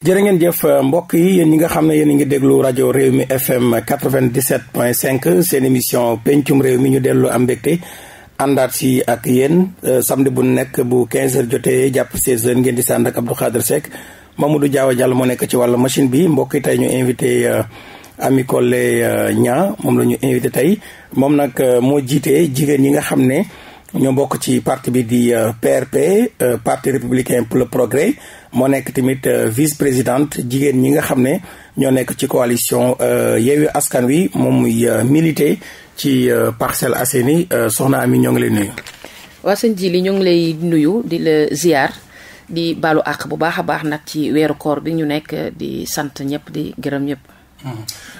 jërë ngeen jëf mbokk yi yéen ñi nga xam ne yéen a ngi déglu rajo réew mi FM 97.5 seen émission pencum réew mi ñu dellu am mbégte àndaat si ak yéen euh, samedi bu nekk bu 15 heures jotee jàpp 16 heures ngeen di sànd ak Abdou Khadre Seck Mamadou Diaw Diallo moo nekk ci wàllu machine bi mbokk yi tey ñu invité euh, Ami Collé euh, Nia moom la ñu invité tey moom nag moo jiitee jigéen ñi nga xam ne. ñoo bokk ci parti bi di PRP euh, euh, parti républicain pour le progrès moo nekk tamit euh, vice présidente jigéen ñi nga xam ne ñoo nekk ci coalition Yewwi Askan Wi moom muy milité ci parcelle Assainies soxna Ami ñoo ngi lay nuyu. waa sëñ ji li ñoo ngi lay nuyu di la ziar di baalu àq bu baax a baax nag ci weeru koor bi ñu nekk di sant ñëpp di gërëm ñëpp.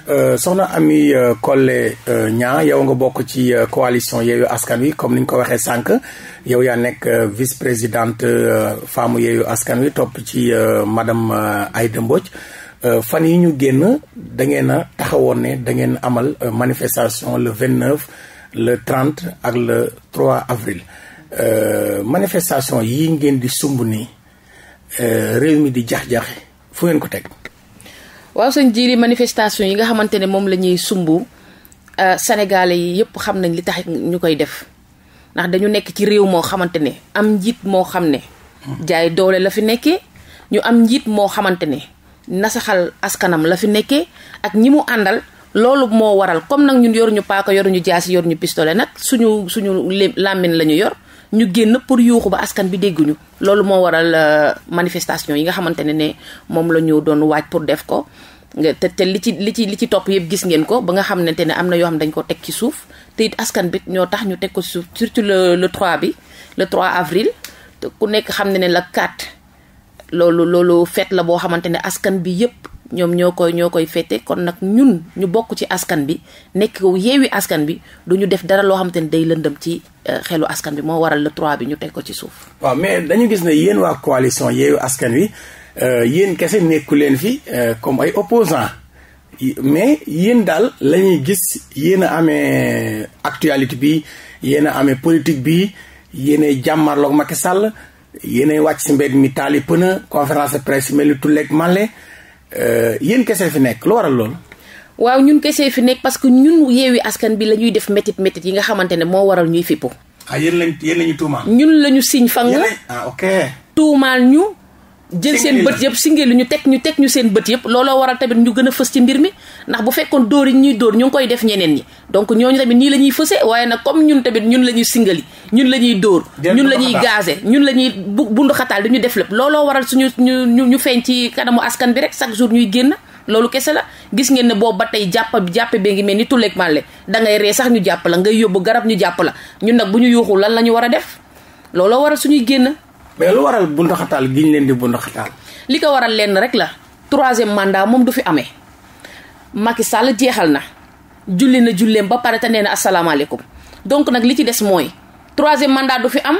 Euh, soxna Amy Collé euh, euh, Niang yow nga bokk ci coalition Yewwi Askan Wi comme ni ñu ko waxee sànq yow yaa nekk vice présidente femme Yewwi Askan Wi topp ci madame Aïda Mbodj fan yi ñu génn da ngeen a taxawoon ne da ngeen amal manifestation le vingt neuf le trente ak le trois avril manifestation yi ngeen di sumb nii réew mi di jax-jaxe fu ngeen ko teg waaw sëñ ji manifestation yi nga xamante ne moom la ñuy sumb euh, sénégalais yi yëpp xam nañ li tax ñu koy def ndax dañu nekk ci réew moo xamante ne am njiit moo xam ne jaay doole la fi nekkee ñu am njiit moo xamante ne nasaxal askanam la fi nekkee ak ñi mu àndal loolu moo waral comme nag ñun yoruñu paaka yoruñu jaasi yoruñu pistolet nag suñu suñu làmmiñ la ñu yor ñu génn pour yuuxu ba askan bi dégguñu loolu moo waral euh, manifestation yi nga xamante ne ne moom la ñu doon waaj pour def ko te te li ci li ci li ci topp yëpp gis ngeen ko ba nga xamante ne am na yoo xam dañ ko teg ci suuf te it askan bi ñoo tax ñu teg ko ci suuf surtout le le trois bi le 3 avril ku nekk xam ne ne la 4 loolu loolu fête la boo xamante ne askan bi yëpp ñoom ñoo koy ñoo koy fete kon nag ñun ñu bokk ci askan bi nekk yeewi askan bi du ñu def dara loo xamante ni day lëndëm ci euh, xelu askan bi moo waral le trois bi ñu teg ko ci suuf. waaw mais dañu gis ne yéen waa coalition yeewi askan wi euh, yéen kese nekku leen fi euh, comme ay opposant mais yéen daal la ñuy gis yéen a amee actualité bi yéen a amee politique bi yéen a jàmmarloog Macky Sall yéen a wàcc si mbed mi taali pëna conférence de presse mel ni tulleeg Euh, yéen kese fi nekk lu waral loolu. waaw ñun kese fi nekk parce ñun yeewi askan bi la ñuy def métit métit yi nga xamante ne moo waral ñuy fippu. ah yéen lañ yéen lañu tuumaal. ñun lañu siñ fang. ah tuumaal ñu jël seen bët yëpp singéelu ñu teg ñu teg ñu seen bët yëpp looloo waral tamit ñu gën a fës ci mbir mi ndax bu fekkoon dóor yi ñu dóor ñu ngi koy def ñeneen ñi donc ñooñu tamit nii la ñuy fëse waaye nag comme ñun tamit ñun la ñuy ñun la ñuy dóor ñun la ñuy gaze ñun la ñuy bu bundu xataal di ñu def lépp looloo waral suñu ñu ñu ñu feeñ ci kanamu askan bi rek chaque jour ñuy génn loolu kese la gis ngeen ne boobu ba tey jàpp jàppe bee ngi mel ni tu tulleeg màlle dangay ree sax ñu jàpp la ngay yóbbu garab ñu jàpp la ñun nag bu ñu yuuxul lan la ñu war a def looloo waral suñuy génn mais lu waral bundu xataal gi ñu leen di bundu xataal. li ko waral lenn rek la troisième mandat moom du fi amee Macky Sall jeexal na julli na julleem ba pare te nee na asalaamaaleykum donc nag li ci des mooy troisième mandat du fi am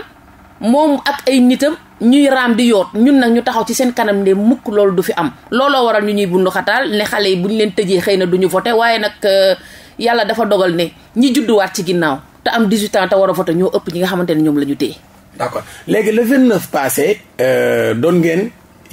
moom ak ay nitam ñuy raam di ñun nag ñu taxaw ci seen kanam mukk loolu du fi am. looloo waral ñu ñuy bundu xataal ne xale yi bu ñu leen tëjee xëy na du ñu voté waaye nag euh, yàlla dafa dogal ne ñi judduwaat ci ginnaaw te am 18 ans te war a voté ñoo ëpp ñi nga xamante ne ñoom la ñu téye. d' accord léegi le 29 passé euh, doon ngeen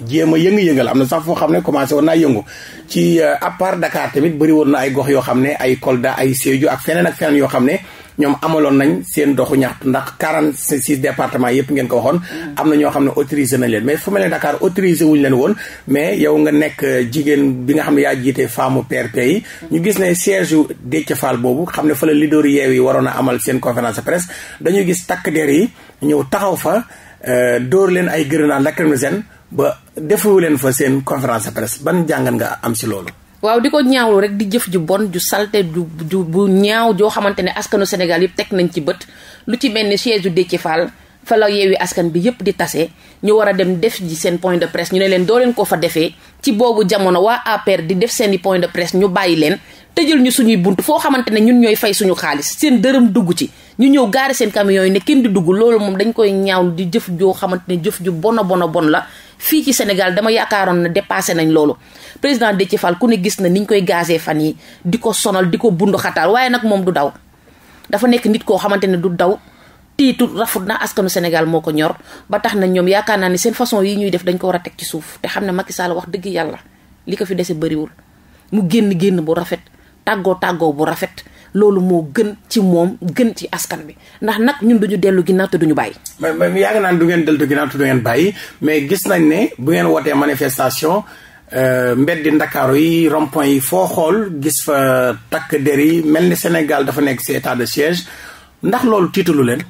jéem a yëngu-yëngal am na sax foo xam ne commencé woon naa yëngu ci euh, à part Dakar tamit bëri woon na ay gox yoo xam ne ay Kolda ay Sédhiou ak feneen ak feneen yoo xam ne ñoom amaloon nañ seen doxu ñaxtu ndax quarante six départements yëpp ngeen ko waxoon mm. am na ñoo xam ne autorisé nañ leen mais fu mel ne Dakar autorisé wuñ leen woon mais yow nga nekk euh, jigéen bi nga xam ne yaa jiite femme per yi mm. ñu gis ne siège yu Déthié Fall boobu xam ne fa la leader yeew yi waroon a amal seen conférence de presse dañuy gis takk deer yi ñëw taxaw fa euh, dóor leen ay grenade lacrymogène ba defuwu leen fa seen conférence de presse ban jàngat nga am si loolu waaw di ko ñaawlu rek di jëf ju bon ju salte ju ju bu ñaaw joo xamante ne askanu Sénégal yëpp teg nañ ci bët lu ci mel ni siège u Déthié Fall fa la yeewi askan bi yëpp di tase ñu war a dem def ji seen point de presse ñu ne leen doo leen ko fa defee ci boobu jamono waa APR di def seeni point de presse ñu bàyyi leen tëjal ñu suñuy bunt foo xamante ne ñun ñooy fay suñu xaalis seen dërëm dugg ci ñu ñëw gaari seen camion yi ne kenn di dugg loolu moom dañ koy ñaaw di jëf joo xamante ne jëf ju bona bona bon la fii ci Sénégal dama yaakaaroon na dépassé nañ loolu président Déthié fal ku ne gis na niñ koy gazee fan yi di ko sonal di ko bund xataal waaye nag moom du daw dafa nekk nit koo xamante ne du daw tiitu rafut na askanu Sénégal moo ko ñor ba tax na ñoom yaakaar naa ne seen façon yi ñuy def dañ ko war a teg ci suuf te xam ne Macky Sall wax dëgg yàlla li ko fi dese bëriwul mu génn génn bu rafet tàggoo tàggoo bu rafet loolu moo gën ci moom gën ci askan bi ndax nag ñun duñu dellu ginnaaw te duñu bàyyi. mais mais yaa ngi naan du ngeen dellu ginnaaw te du ngeen bàyyi mais gis nañ ne bu ngeen wootee manifestation. Euh, mbeddi ndakaaru yi rond yi foo xool gis fa takk der yi mel ni Sénégal dafa nekk ci état de siège ndax loolu tiitalu leen.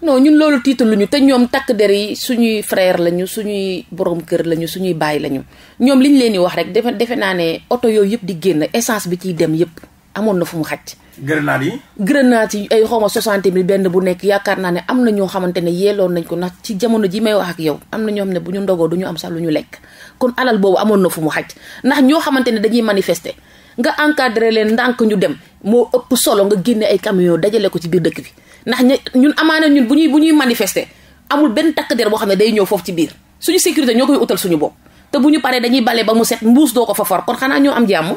non ñun loolu tiitaluñu te ñoom takk der yi suñuy frère lañu suñuy borom kër lañu suñuy baay lañu ñoom li ñu leen di wax rek defe defe naa ne oto yooyu yëpp di génn essence bi ciy dem yëpp amoon na fu mu xaj. grenade yi. yi ay xaw ma soixante benn bu nekk yaakaar naa ne am na ñoo xamante ne yeeloon nañ ko ndax ci jamono ji may wax ak yow am na ñoo xam ne bu ñu ndogoo du ñu am sax lu ñu lekk kon alal boobu amoon na fu mu xaj ndax ñoo xamante ne dañuy manifester nga encadré leen ndànk ñu dem moo ëpp solo nga génne ay camion dajale ko ci biir dëkk bi ndax ñun amaana ñun bu ñuy bu ñuy manifester amul benn takk der boo xam ne day ñëw foofu ci biir suñu sécurité ñoo koy utal suñu bopp te bu ñu paree dañuy bale ba mu set mbuus doo ko kon xanaa ñoo am jàmm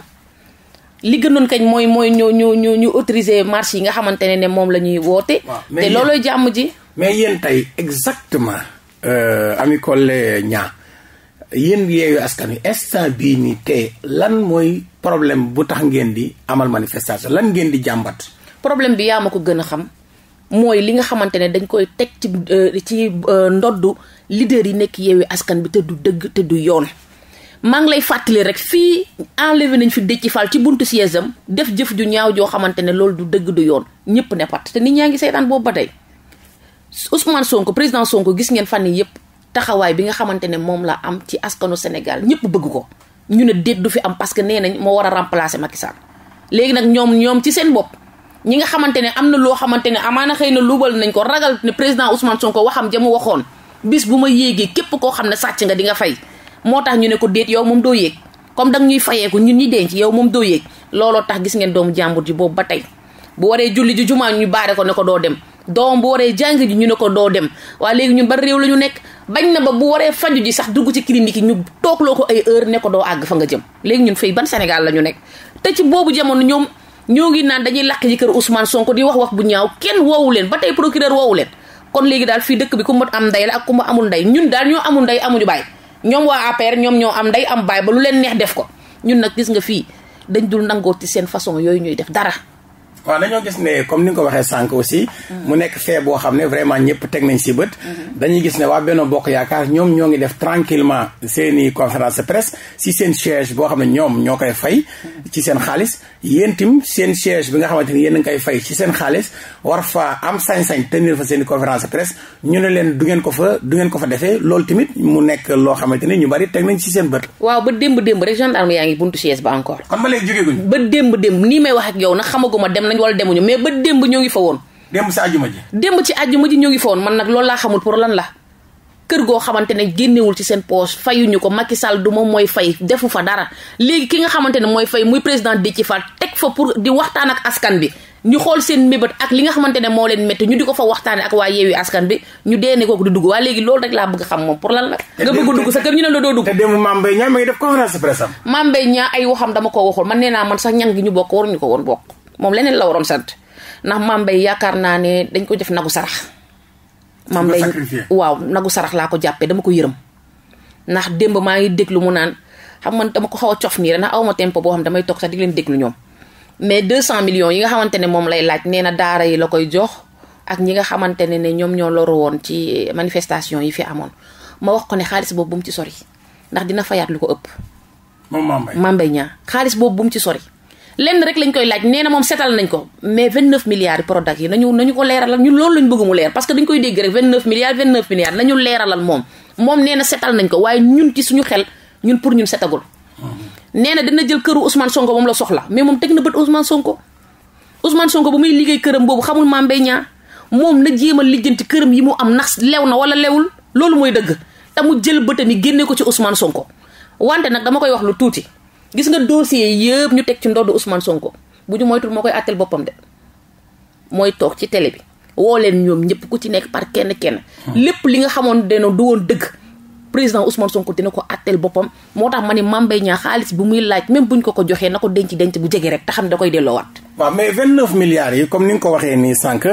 li gënoon kañ mooy mooy ñu ñu ñu ñu autoriser marche yi nga xamante ne ne moom la ñuy woote. te loolooy jàmm ji. mais yéen tey exactement. Euh, ami Collé Niang yéen yeeyu askan wi instant bii lan mooy problème bu tax ngeen di amal manifestation lan ngeen di jàmbat. problème bi yaa ma ko gën a xam. mooy li nga xamante ne dañ koy teg ci euh, ci euh, ndoddu leader yi nekk yeewi askan bi te du dëgg te du yoon maa ngi lay fàttali rek fii en leve nañ fi Déthié Fall ci buntu siège def jëf ju ñaaw joo xamante ne loolu du dëgg du yoon ñëpp ne pat te nit ñaa ngi seetaan boobu ba tey Ousmane Sonko président Sonko gis ngeen fan yii yëpp taxawaay bi nga xamante ne moom la am ci askanu Sénégal ñëpp bëgg ko ñu ne déet du fi am parce que nee nañ moo war a remplacer Macky Sall léegi nag ñoom ñoom ci seen bopp. ñi nga xamante ne am na loo xamante ne na xëy na luubal nañ ko ragal ne président Ousmane Sonko waxam ja mu waxoon bis bu ma yéegee képp koo xam ne sàcc nga di nga fay moo tax ñu ne ko déet yow moom doo yéeg comme danga ñuy fayeeku ñun ñi denc yow moom doo yéeg looloo tax gis ngeen doomu jàmbur ji boobu ba tey bu waree julli ji jumaa ñu baare ko ne ko doo dem doom bu jàng ji ñu ne ko doo dem waaye léegi ñun ba réew la ñu nekk bañ na ba bu waree faju ji sax dugg ci clinique ki ñu toogloo ko ay heure ne doo àgg fa nga jëm léegi ñun fay ban Sénégal la ñu nekk te ci boobu jamono ñoom ñoo ngi naan dañuy lakk ci kër Ousmane Sonko di wax wax bu ñaaw kenn woowu leen ba tey procureur woowu leen kon léegi daal fii dëkk bi ku ma am ndey la ak ku ma amul ndey ñun daal ñoo amul ndey amuñu bàyyi ñoom waa APR ñoom ñoo am nday am baay ba lu leen neex def ko ñun nag gis nga fii dañ dul ci seen façon yooyu ñuy def dara. waaw dañoo gis ne comme ni nga ko waxee sànq aussi. Mm-hmm. mu nekk fee boo xam ne vraiment ñëpp teg nañ si bët. Mm-hmm. dañuy gis ne waa Benno Bokk Yaakaar ñoom ñoo ngi def tranquillement seen i conférence de si seen siège boo xam ne ñoom ñoo koy fay. Mm-hmm. ci seen xaalis yéen tim seen siège bi nga xamante ni yéen a koy fay ci seen xaalis war fa am sañ-sañ tenir fa seen i conférence ñu ne leen du ngeen ko fa du ngeen ko fa defee loolu tamit mu nekk loo xamante ni ñu bari teg nañ ci seen bët. waaw ba démb démb rek gendarme yaa ngi buntu siège ba encore. xam nga léegi jógee guñ. ba démb démb nii may wax ak yow nag xamaguma dem nañ wala demuñu mais ba démb ñoo ngi fa woon. démb ci àjjuma ji. démb ci àjjuma ji ñoo ngi fa woon man nag loolu laa xamul lan la kër goo xamante ne génnewul ci seen poche fayuñu ko Macky Sall du moom mooy fay defu fa dara léegi ki nga xamante ne mooy fay muy président Déthié Fall teg fa pour di waxtaan ak askan bi ñu xool seen mébét ak li nga xamante ne moo leen métti ñu di ko fa waxtaane ak waa yeewi askan bi ñu deene kooku di dugg waaye léegi loolu rek la bëgg xam moom pour lan la nga bëgg dugg sa kër ñu ne la doo dugg te démb am Mame Mbaye Niang ay waxam dama ko waxul man nee naa man sax ñan ñu bokk waruñu ko bokk moom leneen la waroon sant ndax Mame Mbaye yaakaar naa ne dañ ko def nagu sarax mam bay waaw nagu sarax laa ko jàppee dama ko yërëm ndax démb maa ngi déglu mu naan xam man dama ko xaw a cof nii na awma tempo boo xam damay toog sax di leen déglu ñoom mais deux cent millions yi nga xamante ne moom lay laaj neena daara yi la koy jox ak ñi nga xamante ne ne ñoom ñoo loru woon ci manifestation yi fi amoon ma wax ko ne xaalis boobu bum mu ci sori ndax dina fayaat lu ko ëpp. moom Mame Mbaye Niang xaalis boobu bum mu ci sori lenn rek lañ koy laaj nee na moom seetal nañ ko mais vingt neuf milliards yi Prodac yi nañu nañu ko leeralal ñun loolu lañ bëgg mu leer parce que dañ koy dégg rek vingt neuf milliards vingt neuf milliards nañu leeralal moom moom nee na seetal nañ ko waaye ñun ci suñu xel ñun pour ñun setagul nee na dina jël këru Ousmane Sonko moom la soxla mais moom teg na bët Ousmane Sonko Ousmane Sonko bu muy liggéey këram boobu xamul maam Mbaye Niang moom na jéem a lijjanti këram yi mu am nax lew na wala lewul loolu mooy dëgg te mu jël bëtam yi génne ko ci Ousmane Sonko wante nag dama koy wax lu tuuti gis nga dossier yëpp ñu teg ci ndodd Ousmane Sonko bu ñu moytul moo koy àtteel boppam de mooy toog ci télé bi woo leen ñoom ñëpp ku ci nekk par kenn kenn. Hmm. lépp li nga xamoon dana du woon dëgg. président Ousmane Sonko dina ko àtteel boppam moo tax ma ne Mame Mbaye Niang xaalis bu muy laaj bu buñ ko ko joxee na ko denc denc bu jege rek te xam da koy delloowaat. waaw mais vingt neuf milliards yi comme ni nga ko waxee nii sànq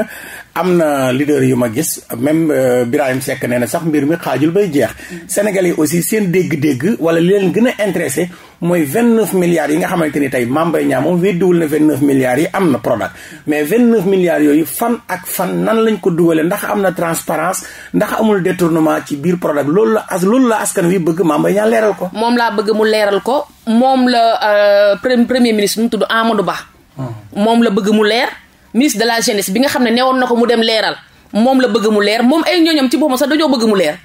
am na leader yu ma gis même euh, Birahim sekk nee na sax mbir mi xaajul bay jeex. Sénégal yi aussi seen dégg-dégg wala li leen gën a intéressé mooy vingt neuf milliards yi nga xamante ni tey Mame Mbaye moom weddiwul na vingt neuf milliards yi am na Prodac mais vingt neuf milliards yooyu fan ak fan nan lañ ko dugalee ndax am na transparence ndax amul détournement ci biir Prodac loolu la as loolu la askan wi bëgg Mame Mbaye leeral ko. moom laa bëgg mu leeral ko moom la euh, premier ministre mu tudd Amadou Ba. moom la bëgg mu leer ministre de la jeunesse bi nga xam ne newoon na ko mu dem leeral moom la bëgg mu leer moom ay ñooñam ci boppam sax dañoo bëgg mu leer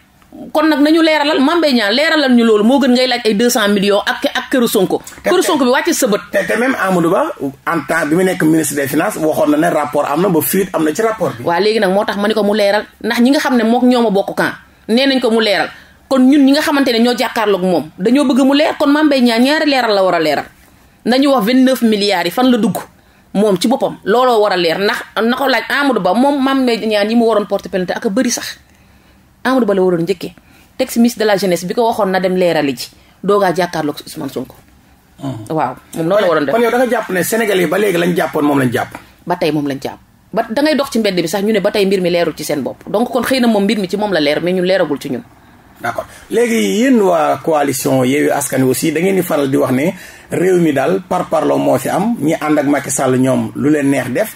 kon nag nañu leeralal Mambey Niang leeralal ñu loolu moo gën ngay laaj ay deux cent millions ak ak këru Sonko këru Sonko bi wàcc sa bët te te même Amadou Ba en temps bi mu nekk ministre des finances waxoon ne rapport am na ba na ci rapport moo tax ma ni mu leeral kon ñun ñi nga xamante ne ñoo jàkkaarloog moom dañoo bëgg mu leer kon Mambey Niang ñaari leeral la war a leeral nañu wax vingt neuf milliards yi fan la dugg moom ci boppam looloo war a leer ndax na ko laaj Amadou Ba moom Mame Mbaye Niang ñi mu waroon porter plainte ak a bëri sax Amadou Ba la waroon njëkkee teg si de la jeunesse bi ko waxoon na dem leerali ji doogaa jàkkaarloog Ousmane Sonko. Ah. waaw moom loolu la waroon def kon yow da nga jàpp ne Sénégal yi ba léegi lañ jàppoon moom lañ jàpp. ba tey moom lañ jàpp ba da ngay dox ci mbedd bi sax ñu ne ba tey mbir mi leerul ci seen bopp donc kon xëy na moom mbir mi ci moom la leer mais ñun leeragul ci ñun d' léegi yéen waa coalition Yewwi Askan aussi dangeen di faral di wax ne réew mi daal par parloo moo fi am ñi ànd ak Macky Sall ñoom lu leen neex def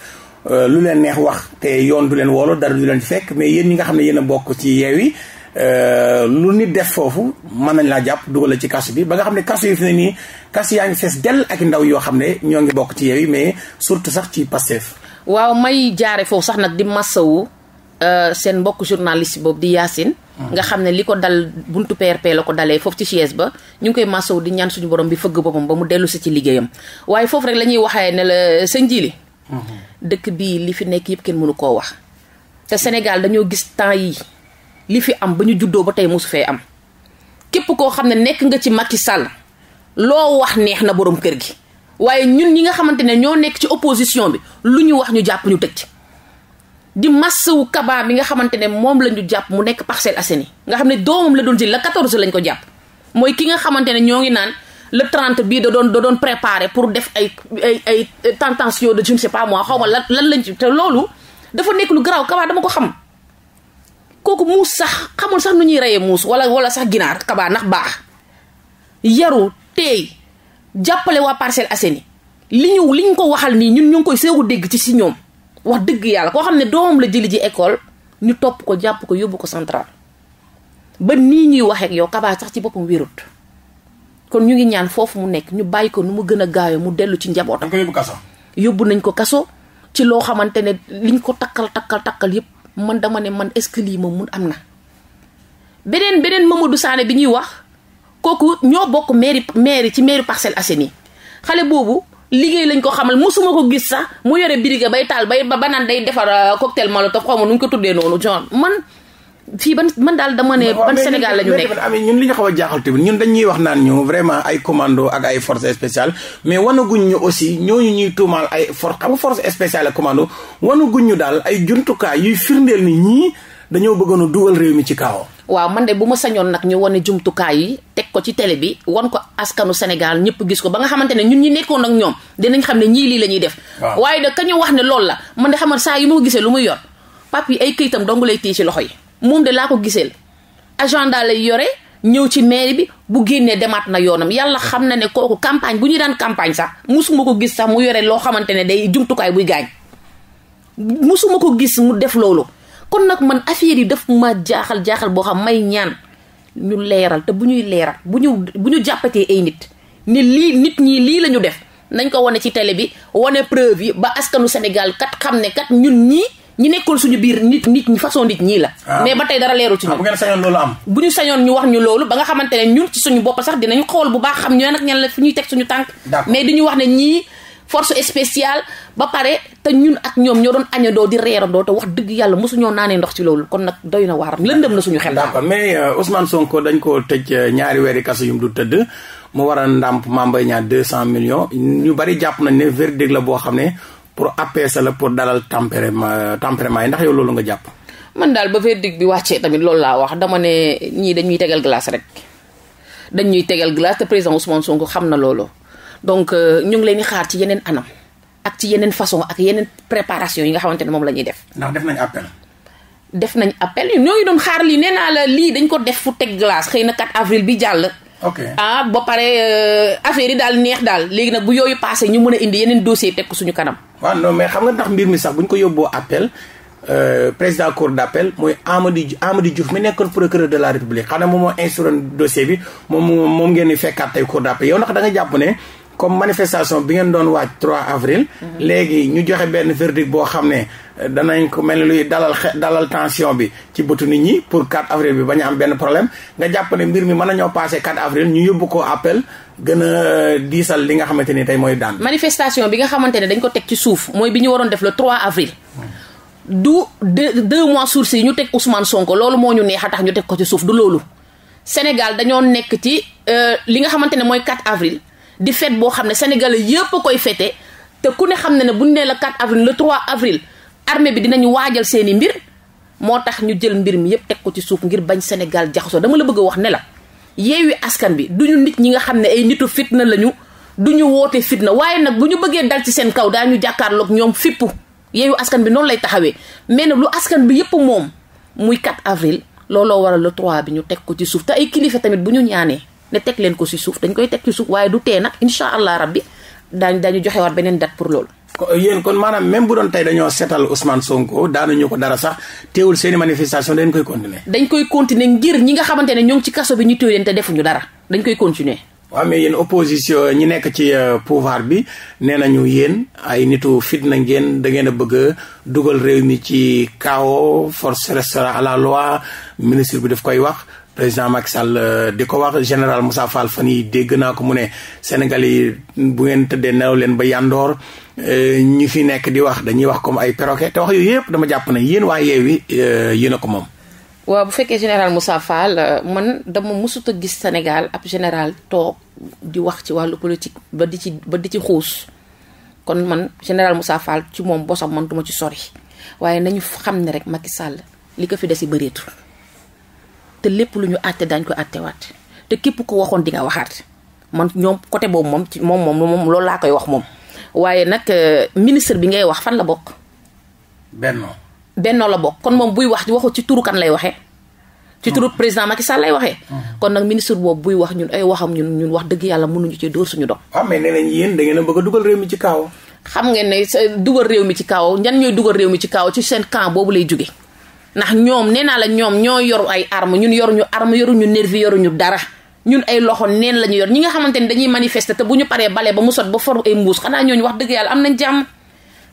euh, lu leen neex wax te yoon du leen woolu dara du leen fekk mais yéen ñi nga xam ne yéen a bokk ci Yewwi euh, lu nit def foofu mën nañ laa jàpp dugal ci kasu bi ba nga xam ne kasu yi fi ne nii kasu yaa ngi fees dell ak ndaw yoo xam ne ñoo ngi bokk ci Yewwi mais surtout sax ci Pastef waaw may jaare foofu sax nag di massawu Euh, seen mbokk journaliste boobu di Yacine. nga xam ne li ko dal buntu PRP la ko dalee foofu ci chaise ba ñu ngi koy masaw di ñaan suñu borom bi fëgg boppam ba mu dellu si ci liggéeyam waaye foofu rek la ñuy waxee ne la euh, sëñ Jili dëkk bii li fi nekk yëpp kenn mënu koo wax te Sénégal dañoo gis temps yi li fi am ba ñu juddoo ba tey mosu fee am képp koo xam ne nekk nga ci Macky Sall loo wax neex na borom kër gi waaye ñun ñi nga xamante ne ñoo nekk ci opposition bi lu ñu wax ñu jàpp ñu tëj di massawu kabaa mi nga xamante ne moom la ñu jàpp mu nekk Parcelles Assainies nga xam ne doomam la doon jël la 14 lañ ko jàpp mooy ki nga xamante ne ñoo ngi naan le trent bii da doon da doon préparé pour def ay ay ay de je ne sais pas moi xaw ma lan lan lañ ci te loolu dafa nekk lu garaaw kabaa dama ko xam kooku muus sax xamul sax nu ñuy reyee muus wala wala sax ginaar kabaa nax baax yaru teey jàppale waa Parcelles Assainies li ñu li ñu ko waxal nii ñun ñu ngi koy seegu dégg ci si ñoom wax dëgg yàlla koo xam ne doomam la jëli ji école ñu topp ko jàpp ko yóbbu ko central ba nii ñuy waxee ak yow Kaba sax ci boppam wérut kon ñu ngi ñaan foofu mu nekk ñu bàyyi ko nu mu gën a gaawee mu dellu ci njabootam. yóbbu kaso. yóbbu nañ ko kaso ci loo xamante ne liñ ko takkal takkal takkal yëpp man dama ne man est-ce que lii moom mun am na. beneen beneen Mamadou saane bi ñuy wax kooku ñoo bokk mairie mairie ci mairie Parcelles yi xale boobu liggéey lañ ko xamal musuma ko gis sax mu yore biriga bay taal bay ba naan day defar euh, cocktail molotov xaw ma nu ñu ko tuddee noonu genre man fii ban man daal dama ne ban Sénégal la ñu nekk amee ñun li ñu xaw a jaaxal tamit ñun dañuy wax naan ñu vraiment ay commando ak ay force spéciales mais wanaguñ ñu aussi ñooñu ñuy tuumaal ay force xam nga force spéciale ak commando wanaguñ ñu daal ay jumtukaay yuy firndeel ni ñii dañoo bëggoon a dugal réew mi ci kaawam waaw man de bu ma sañoon nag ñu wane jumtukaay yi teg ko ci tele bi wan ko askanu Sénégal ñëpp gis ko ba nga xamante ne ñun ñi nekkoon ak ñoom dinañ xam ne ñii lii la ñuy def waaye da ka ñu wax ne loolu la man de xaman saa yi ma ko gisee lu muy yor pap yi ay këyitam dong lay téye ci loxo yi moom de laa ko giseel agenda lay yore ñëw ci mairie bi bu génnee demaat na yoonam yàlla xam na ne kooku campagne bu ñuy daan campagne sax mosuma ko gis sax mu yore loo xamante ne day jumtukaay buy gaañ musuma gis mu def loolu kon nag man affaire yi daf ma jaaxal jaaxal boo xam may ñaan ñu leeral te bu ñuy leeral bu ñu bu ñu jàppatee ay nit ne lii nit ñi lii la ñu def nañ ko wane ci télé bi wane preuve yi ba askanu Sénégal kat xam ne kat ñun ñii ñi nekkoon suñu biir nit nit ñi façon nit ñii la. Ah. mais ba tey dara leeru ci ah, ñun. bu sañoon ñu sañoon ñu wax ñu loolu ba nga xamante ne ñun ci suñu bopp sax dinañu xool bu baax xam ñoo nag ñan la fu ñuy teg suñu tànk. mais di ñu wax ne ñii force spéciale ba pare te ñun ak ñoom ñoo doon añadoo di reerandoo te wax dëgg yàlla mosuñoo naanee ndox ci loolu kon nag doy na waar lëndëm na suñu xel. d'accord mais euh, Ousmane Sonko dañ ko tëj euh, ñaari weeri kaso yum du tëdd mu war a ndàmp Mame Mbaye Niang deux cent millions ñu bari jàpp nañ ne verdict la boo xam ne pour sa la pour dalal tempérament euh, tempérament yi ndax yow loolu nga jàpp. man daal ba verdict bi wàccee tamit loolu laa wax dama ne ñii dañuy tegal glace rek dañuy tegal glace te président Ousmane Sonko xam na loolu. donc euh, ñu ngi leen di xaar ci yeneen anam ak ci yeneen façon ak yeneen préparation yi nga xamante ne moom la ñuy def. ndax def nañ appel. def nañ appel ñooñu doon xaar lii nee naa la lii dañ ko def fu teg glace xëy na 4 avril bi jàll. ok ah ba pare euh, affaire yi daal neex daal léegi nag bu yooyu passé ñu mën a indi yeneen dossier teg ko suñu kanam. waaw non mais xam nga ndax mbir mi sax bu ñu ko yóbboo appel euh, président cour d'appel mooy Amadou Amadou Diouf mi nekkoon procureur de la république xanaa moom moo instruire dossier bi moom moom ngeen di fekkaat tey cour d'appel yow ndax da nga jàpp ne comme manifestation bi ngeen doon waaj trois avril. léegi ñu joxe benn verdict boo xam ne euh, danañ ko mel ni luy dalal dalal tension bi ci bëtu nit ñi pour 4 avril bi bañ am benn problème nga jàpp mbir mi mën nañoo passé 4 avril ñu yóbbu ko appel gën a euh, diisal li nga xamante ni tey mooy daan. manifestation bi nga xamante ne dañ ko teg ci suuf mooy bi ñu waroon def le 3 avril. du de deux mois sursis yi ñu teg Ousmane Sonko loolu moo ñu neex a tax ñu teg ko ci suuf du loolu Sénégal dañoo nekk ci euh, li nga xamante ne mooy 4 avril. di fête boo xam ne sénégalais yëpp koy fête te ku ne xam ne ne bu ñu nee la 4 avril la trois avril armée bi dinañu waajal seeni mbir moo tax ñu jël mbir mi yëpp teg ko ci suuf ngir bañ Sénégal jaxasoo dama la bëgg a wax ne la yeewi askan bi du ñu nit ñi nga xam ne ay nitu fitna lañu ñu woote fitna waaye nag bu ñu bëggee dal ci seen kaw daal daañu jàkkaarloog ñoom fippu yeewi askan bi noonu lay taxawee mais nag lu askan bi yëpp moom muy kat avril looloo waral le 3 bi ñu teg ko ci suuf te ay kilifa tamit bu ñu ñaanee ne teg leen ko si suuf dañ koy teg ci suuf waaye du tee nag incha allah rabbi daañ dañu joxe waat beneen date pour loolu yéen kon maanaam même bu doon tey dañoo seetal Ousmane Sonko daanuñu ko dara sax teewul seeni manifestation dañ koy continuer dañ koy continuer ngir ñi nga xamante ne ñoo ngi ci kaso bi ñu téye leen te defuñu dara dañ koy continuer waaw mais yéen opposition ñi nekk ci euh, pouvoir bi nee nañu yéen ay nitu fitna ngeen da ngeen a bëgg a dugal réew mi ci chaos force restera à loi ministre bi daf koy wax président Macky Sall euh, di ko wax général Moussa Fall fan yi dégg naa ko mu ne Sénégal yi bu ngeen tëddee nelaw leen ba yandoor euh, ñi fi nekk di wax dañuy wax comme ay perroquet te wax yooyu yëpp dama jàpp na yéen waa Yewwi euh, yéen a ko moom. waaw bu fekkee général Moussa Fall man dama mësuta gis Sénégal ab général toog di wax ci wàllu politique ba di ci ba di ci xuus kon man général Moussa Fall ci moom bosam man duma ci sori waaye nañu xam ne rek Macky Sall li ko fi des yi bëreetul te lépp lu ñu àtte dañ ko àttewaat te képp ko waxoon di nga waxaat man ñoom côté boobu moom ci moom moom moom loolu laa koy wax moom. waaye nag euh, ministre bi ngay wax fan la bokk. bennoo. bennoo la bokk kon moom buy wax di waxu ci turu kan lay waxee. ci turu mm. président Macky Sall lay waxee. Mm. kon nag ministre boobu buy wax ñun ay waxam ñun ñun wax dëgg yàlla mënuñu ci dóor suñu doom. waaw ah, mais nee nañ yéen da ngeen a bëgg a dugal réew mi ci kaaw. xam ngeen ne dugal réew mi ci kaaw ñan ñooy dugal réew mi ci kaaw ci seen camp boobu lay jóge ndax ñoom nee naa la ñoom ñoo yor ay arme ñun yoruñu arme yoruñu nervi ñu dara ñun ay loxo neen la ñu yor ñi nga xamante ni dañuy manifester te bu ñu paree bale ba mu sot ba for ay mbuus xanaa ñooñu wax dëgg am nañ jàmm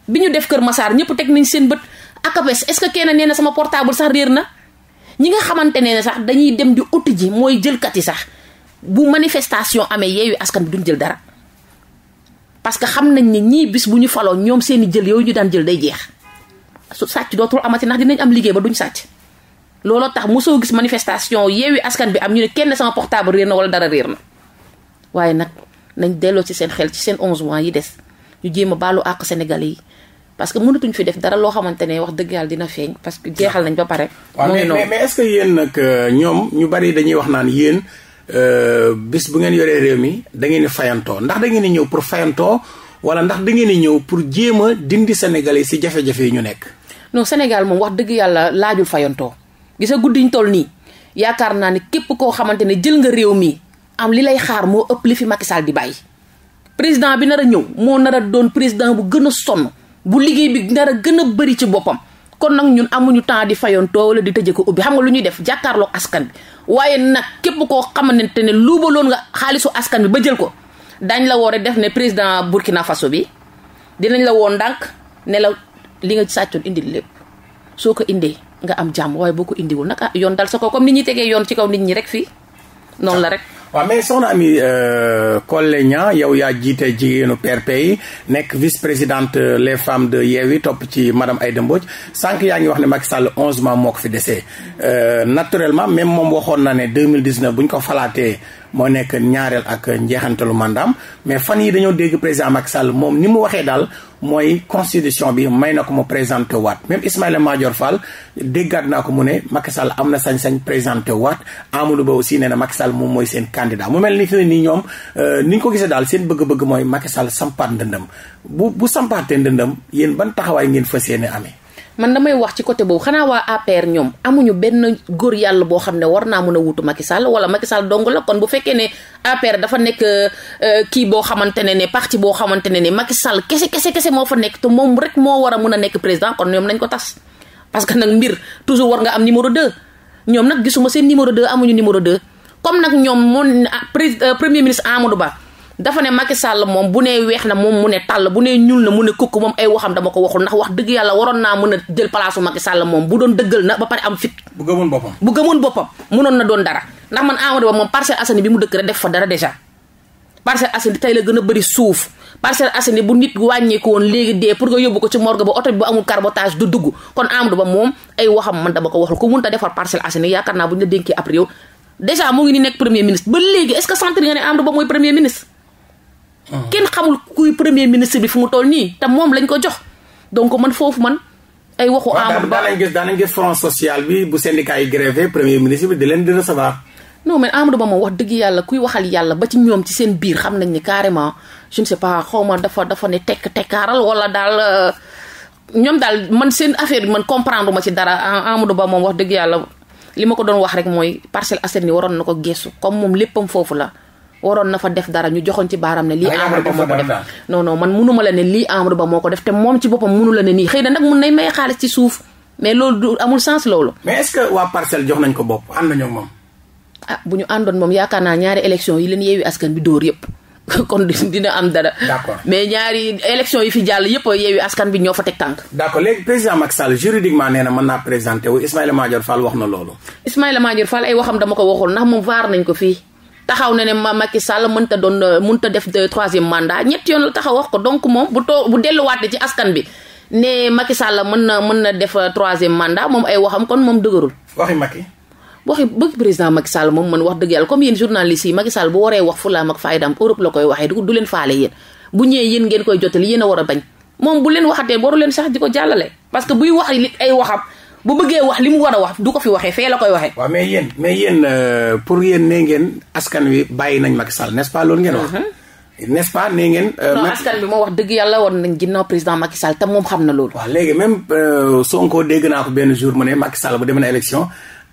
bi ñu def kër Masaar ñëpp teg nañ seen bët akapes est-ce que kenn nee sama portable sax réer na ñi nga xamante ne sax dañuy dem di uti ji mooy jëlkat yi sax bu manifestation amee yeeyu askan bi duñ jël dara parce que xam nañ ne ñii bis bu ñu faloo ñoom seen i jël yooyu ñu daan jël day jeex su sàcc dootul amati ndax dinañ am liggéey ba duñ sàcc looloo tax mosoo gis manifestation yeewi askan bi am ñu ne kenn sama portable réer na wala dara réer waaye nag nañ delloo ci seen xel ci seen onze mois yi des ñu jéem a baalu àq sénégal yi parce que mënatuñ fi def dara loo xamante ne wax dëgg dina feeñ parce que jeexal nañ ba pare. waaw mais mais est-ce que euh, ñoom ñu bari dañuy wax naan yéen euh, bis bu ngeen yoree réew mi da ngeen fayantoo ndax da ngeen di ñëw pour fayantoo. wala ndax da ngeen a ñëw pour jéem a dindi sénégalais si jafe-jafe yi ñu nekk. non Sénégal moom wax dëgg yàlla laajul fayantoo gisa nga guddi ñu toll nii yaakaar naa ne képp koo xamante ne jël nga réew mi am li lay xaar moo ëpp li fi Macky Sall di bàyyi. bi nar a ñëw moo nar a doon président bu gën sonn bu liggéey bi nar gën a bëri ci boppam kon nag ñun amuñu temps di fayantoo wala di tëjee ko ubbi xam nga lu ñuy def jàkkaarloog askan bi waaye nag képp koo xamante ne luubaloon nga xaalisu askan bi ba jël ko. dañ la woore def ne président Burkina Faso bi dinañ la woon ndànk ne la li nga sàccoon indi lépp soo ko indee nga am jàmm waaye boo ko indiwul nag ah yoon dal sa ko comme nit ñi tegee yoon ci kaw nit ñi rek fii noonu la rek waaw mais soxna Amy Collé euh, Niang yow yaa jiite jigéenu PRP nekk vice présidente euh, les femmes de Yewwi topp ci madame Aïda Mbodj sànq yaa ngi wax ne Macky Sall onze mois moo ko fi desee euh, naturellement même moom waxoon na ne 2019 bu ñu ko falaatee moo nekk ñaareel ak njeexantalu mandaam mais fan yi dañoo dégg président Macky Sall moom ni mu waxee daal mooy constitution bi may na ko mu présenté waat même Ismaïla Madior Fall déggaat naa ko mu ne Macky Sall am na sañ-sañ présenté waat Amadou Ba aussi nee na Macky Sall moom mooy seen candidat mu mel ni fi ne nii ñoom euh, ni ñu ko gisee daal seen bëgg-bëgg mooy Macky Sall sampaat ndëndëm bu bu sampaatee ndëndëm yéen ban taxawaay ngeen fas yéene amee. man may wax ci côté boobu xanaa waa APR ñoom amuñu benn góor yàlla boo xam ne war naa mën a wutu Macky Sall wala Macky Sall dong la kon bu fekkee ne APR dafa nekk euh, euh, kii boo xamante ne ne parti boo xamante ne ne Macky Sall kese kese kese moo fa nekk te moom rek moo war a mun a nekk président kon ñoom nañ ko tas parce que nag mbir toujours war nga am numéro 2 ñoom nag gisuma seen numéro 2 amuñu numéro 2 comme nag ñoom moom ah, euh, premier ministre Amadou Ba. dafa ne Macky Sall moom bu nee weex na moom mu ne tàll bu nee ñuul na mu ne kukk moom ay waxam dama ko waxul ndax wax dëgg yàlla waroon naa mën a jël palaasu Macky Sall moom bu doon dëggal na ba pare am fit bu gëmoon boppam bu gëmoon na doon dara ndax man Amadou Ba moom Parcelles Assainies bi dara déjà Parcelles Assainies tey la gën bu nit wàññeeku woon léegi dee pour nga yóbbu ko ci morgue ba oto bi bu amul carbotage du dugg kon Amadou Ba moom ay waxam man dama ko waxul ku mënta defar Ah. kenn xamul kuy premier ministre bi fu mu toll nii te moom lañ ko jox donc man foofu man ay waxu Amadou Ba daanañ gis daanañ gis front social bi bu syndicat yi grévé premier ministre bi di leen di recevoir non mais Amadou Ba moom wax dëgg yàlla kuy waxal yàlla ba ci ñoom ci seen biir xam nañ ni carrément je ne sais pas xawma dafa dafa ne tekk tekkaaral wala daal euh, ñoom daal man seen affaire man comprendre ma ci dara ah, Amadou Ba moom wax dëgg yàlla li ma ko doon wax rek mooy Parcelles Assainies waroon na ko geesu comme moom léppam foofu la waroon na fa def dara ñu joxoon ci baaram ne lii Amadou Ba moo ko def man munuma la ne lii Amadou Ba moo ko def te moom ci boppam munu la ne nii xëy na nag mun nay may xaalis ci suuf mais loolu du amul sens loolu mais nañ ko bopp ànd nañu moom ah ñu àndoon moom yaakaar naa ñaari élection yi leen yeewi askan bi dóor yëpp kon dina am dara. d'accord mais ñaari élection yi fi jàll yëpp yeewi askan bi ñoo fa teg tànk. d'accord léegi président Macky Sall juridiquement nee na mën naa présenté wu Ismaïla Madior Fall wax na loolu. Ismaïla Madior Fall ay waxam dama ko waxul ndax moom fii. taxaw ne ne ma Macky Sall mënta doon mënta def de troisième mandat ñett yoon la taxaw wax ko donc moom bu too bu delluwaatee ci askan bi ne Macky Sall na mën na def euh, troisième mandat moom ay waxam kon moom dëgërul. waxi Macky. waxi bëgg président Macky Sall moom man wax dëgg comme yéen journaliste yi Macky bu waree wax fulaam ak faydaam Europe la koy waxee du leen faale yéen bu ñëwee yéen ngeen koy jottali yéen a war a bañ moom bu leen waxatee waru leen sax di ko jàllale parce que buy wax bu bëggee wax li mu war a wax du ko fi waxee fee la koy waxee. waaw mais yéen mais yéen euh, pour yéen nee ngeen askan wi bàyyi nañ Macky Sall n'est-ce pas ngeen wax. Uh-huh. n'est-ce ngeen. Euh, non askan bi moo wax dëgg yàlla war nañ ginnaaw président Macky Sall te moom xam na loolu. waaw léegi même euh, Sonko dégg naa ko benn jour mu ne Macky Sall bu demee na élection.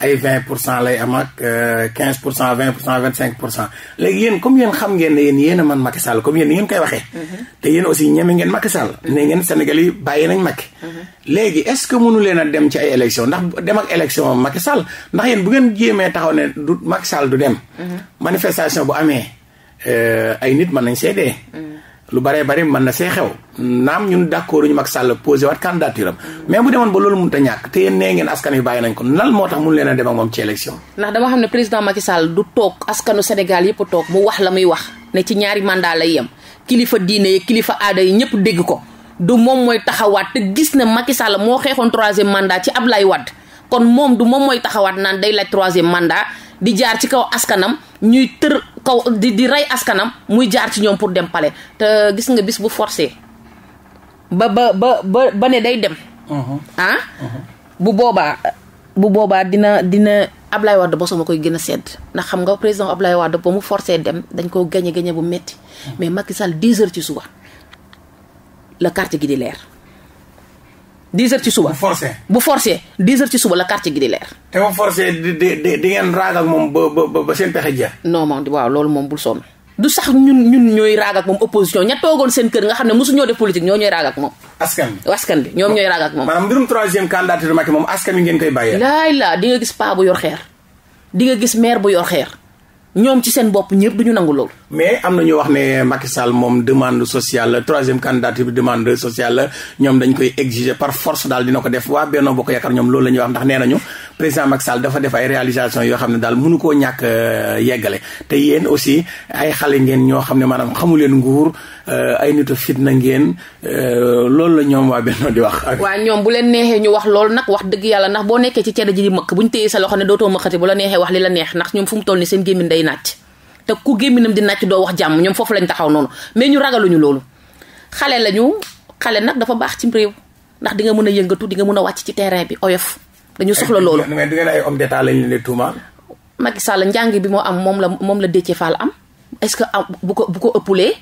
ay vingt pour cent lay am ak euh, quinze pour cent vingt pour cent vingt cinq pour cent léegi yéen comme yéen xam ngeen ne yéen a man Macky Sall comme yéen ni ngeen koy waxee mhm. te yéen aussi ñeme ngeen Macky Sall mhm. ne ngeen Sénégal yi bàyyi nañ Macky mhm. léegi est ce que mënu leen a dem ci ay élection ndax dem ak élection Macky Sall ndax yéen bu ngeen jéemee taxaw ne du Macky Sall du dem manifestation bu amee euh, ay nit ma nañ seedee lu baree bari man na see xew naam ñun d'accord ñu mag Sall posé waat candidature am mais bu demoon ba loolu mënut a ñàkk te yéen nee ngeen askan wi bàyyi nañ ko lan moo tax mun leen a dem ak moom ci élection. ndax dama xam ne président Macky Sall du toog askanu Sénégal yëpp toog mu wax la muy wax ne ci ñaari mandat lay yem kilifa diine yi kilifa aada yi ñëpp dégg ko du moom mooy taxawaat te gis na Macky Sall moo xeexoon troisième mandat ci Ablaye Wade kon moom du mooy taxawaat naan day laaj troisième mandat. di jaar ci kaw askanam ñuy tër kaw di di rey askanam muy jaar ci ñoom pour dem palais te gis nga bis bu forcé ba ba ba ne day dem. Uh-huh. ah. Uh-huh. bu boobaa bu boobaa dina dina Ablaye Wade ba ma koy gën a sedd ndax xam nga président Ablaye Wade ba mu forcé dem dañ ko gañe gañe bu metti uh-huh. mais Macky Sall dix heures ci suba la carte gi di leer. dix heures ci suba. bu forcé bu heures ci suba la quartier gi di leer. te bu forcé di ngeen raag moom ba ba ba seen pexe jeex. no moom waaw loolu moom bul sonn. du sax ñun ñun ñooy raag ak moom opposition ña toogoon seen kër nga xam ne mosu ñoo def politique ñoo ñooy raag ak moom. askan bi askan bi ñoom ñooy raag ak moom. maanaam mbirum troisième candidature Macky moom askan wi ngeen koy bàyyee. laay laa di nga gis paa bu yor xeer di nga gis maire bu yor xeer ñoom ci seen bopp ñëpp du ñu nangu loolu. mais am na ñu wax ne Macky moom demande sociale la troisième bi demande sociale la ñoom dañ koy exiger par force daal dina ko def waa Benno Bokk Yaakaar ñoom loolu la ñuy wax ndax nee nañu président Macky Sall dafa def ay réalisation yoo xam ne daal mënu koo ñàkk euh, yeggale te yéen aussi ay xale ngeen ñoo xam ne maanaam xamu leen nguur euh, ay nitu fitna ngeen euh, loolu la ñoom waa Benno di wax. waa ñoom bu leen neexee ñu wax loolu nag wax dëgg yàlla ndax boo nekkee ci cere ji di mëkk bu ñu téyee sa loxo ne dootoo mëkkati bu la neexee wax li la neex ndax ñoom fu mu toll ni seen gémmiñ day nàcc te ku gémminam di nàcc doo wax jàmm ñoom foofu lañ taxaw noonu mais ñu ragaluñu loolu xale lañu xale nag dafa baax ci réew ndax di nga mën a yëngatu di nga mën a wàcc ci terrain bi oyof dañu soxla loolu. mais du ngeen ay homme bi mu am moom la moom la Déthié Fall am est-ce que am bu ko bu ko ëppulee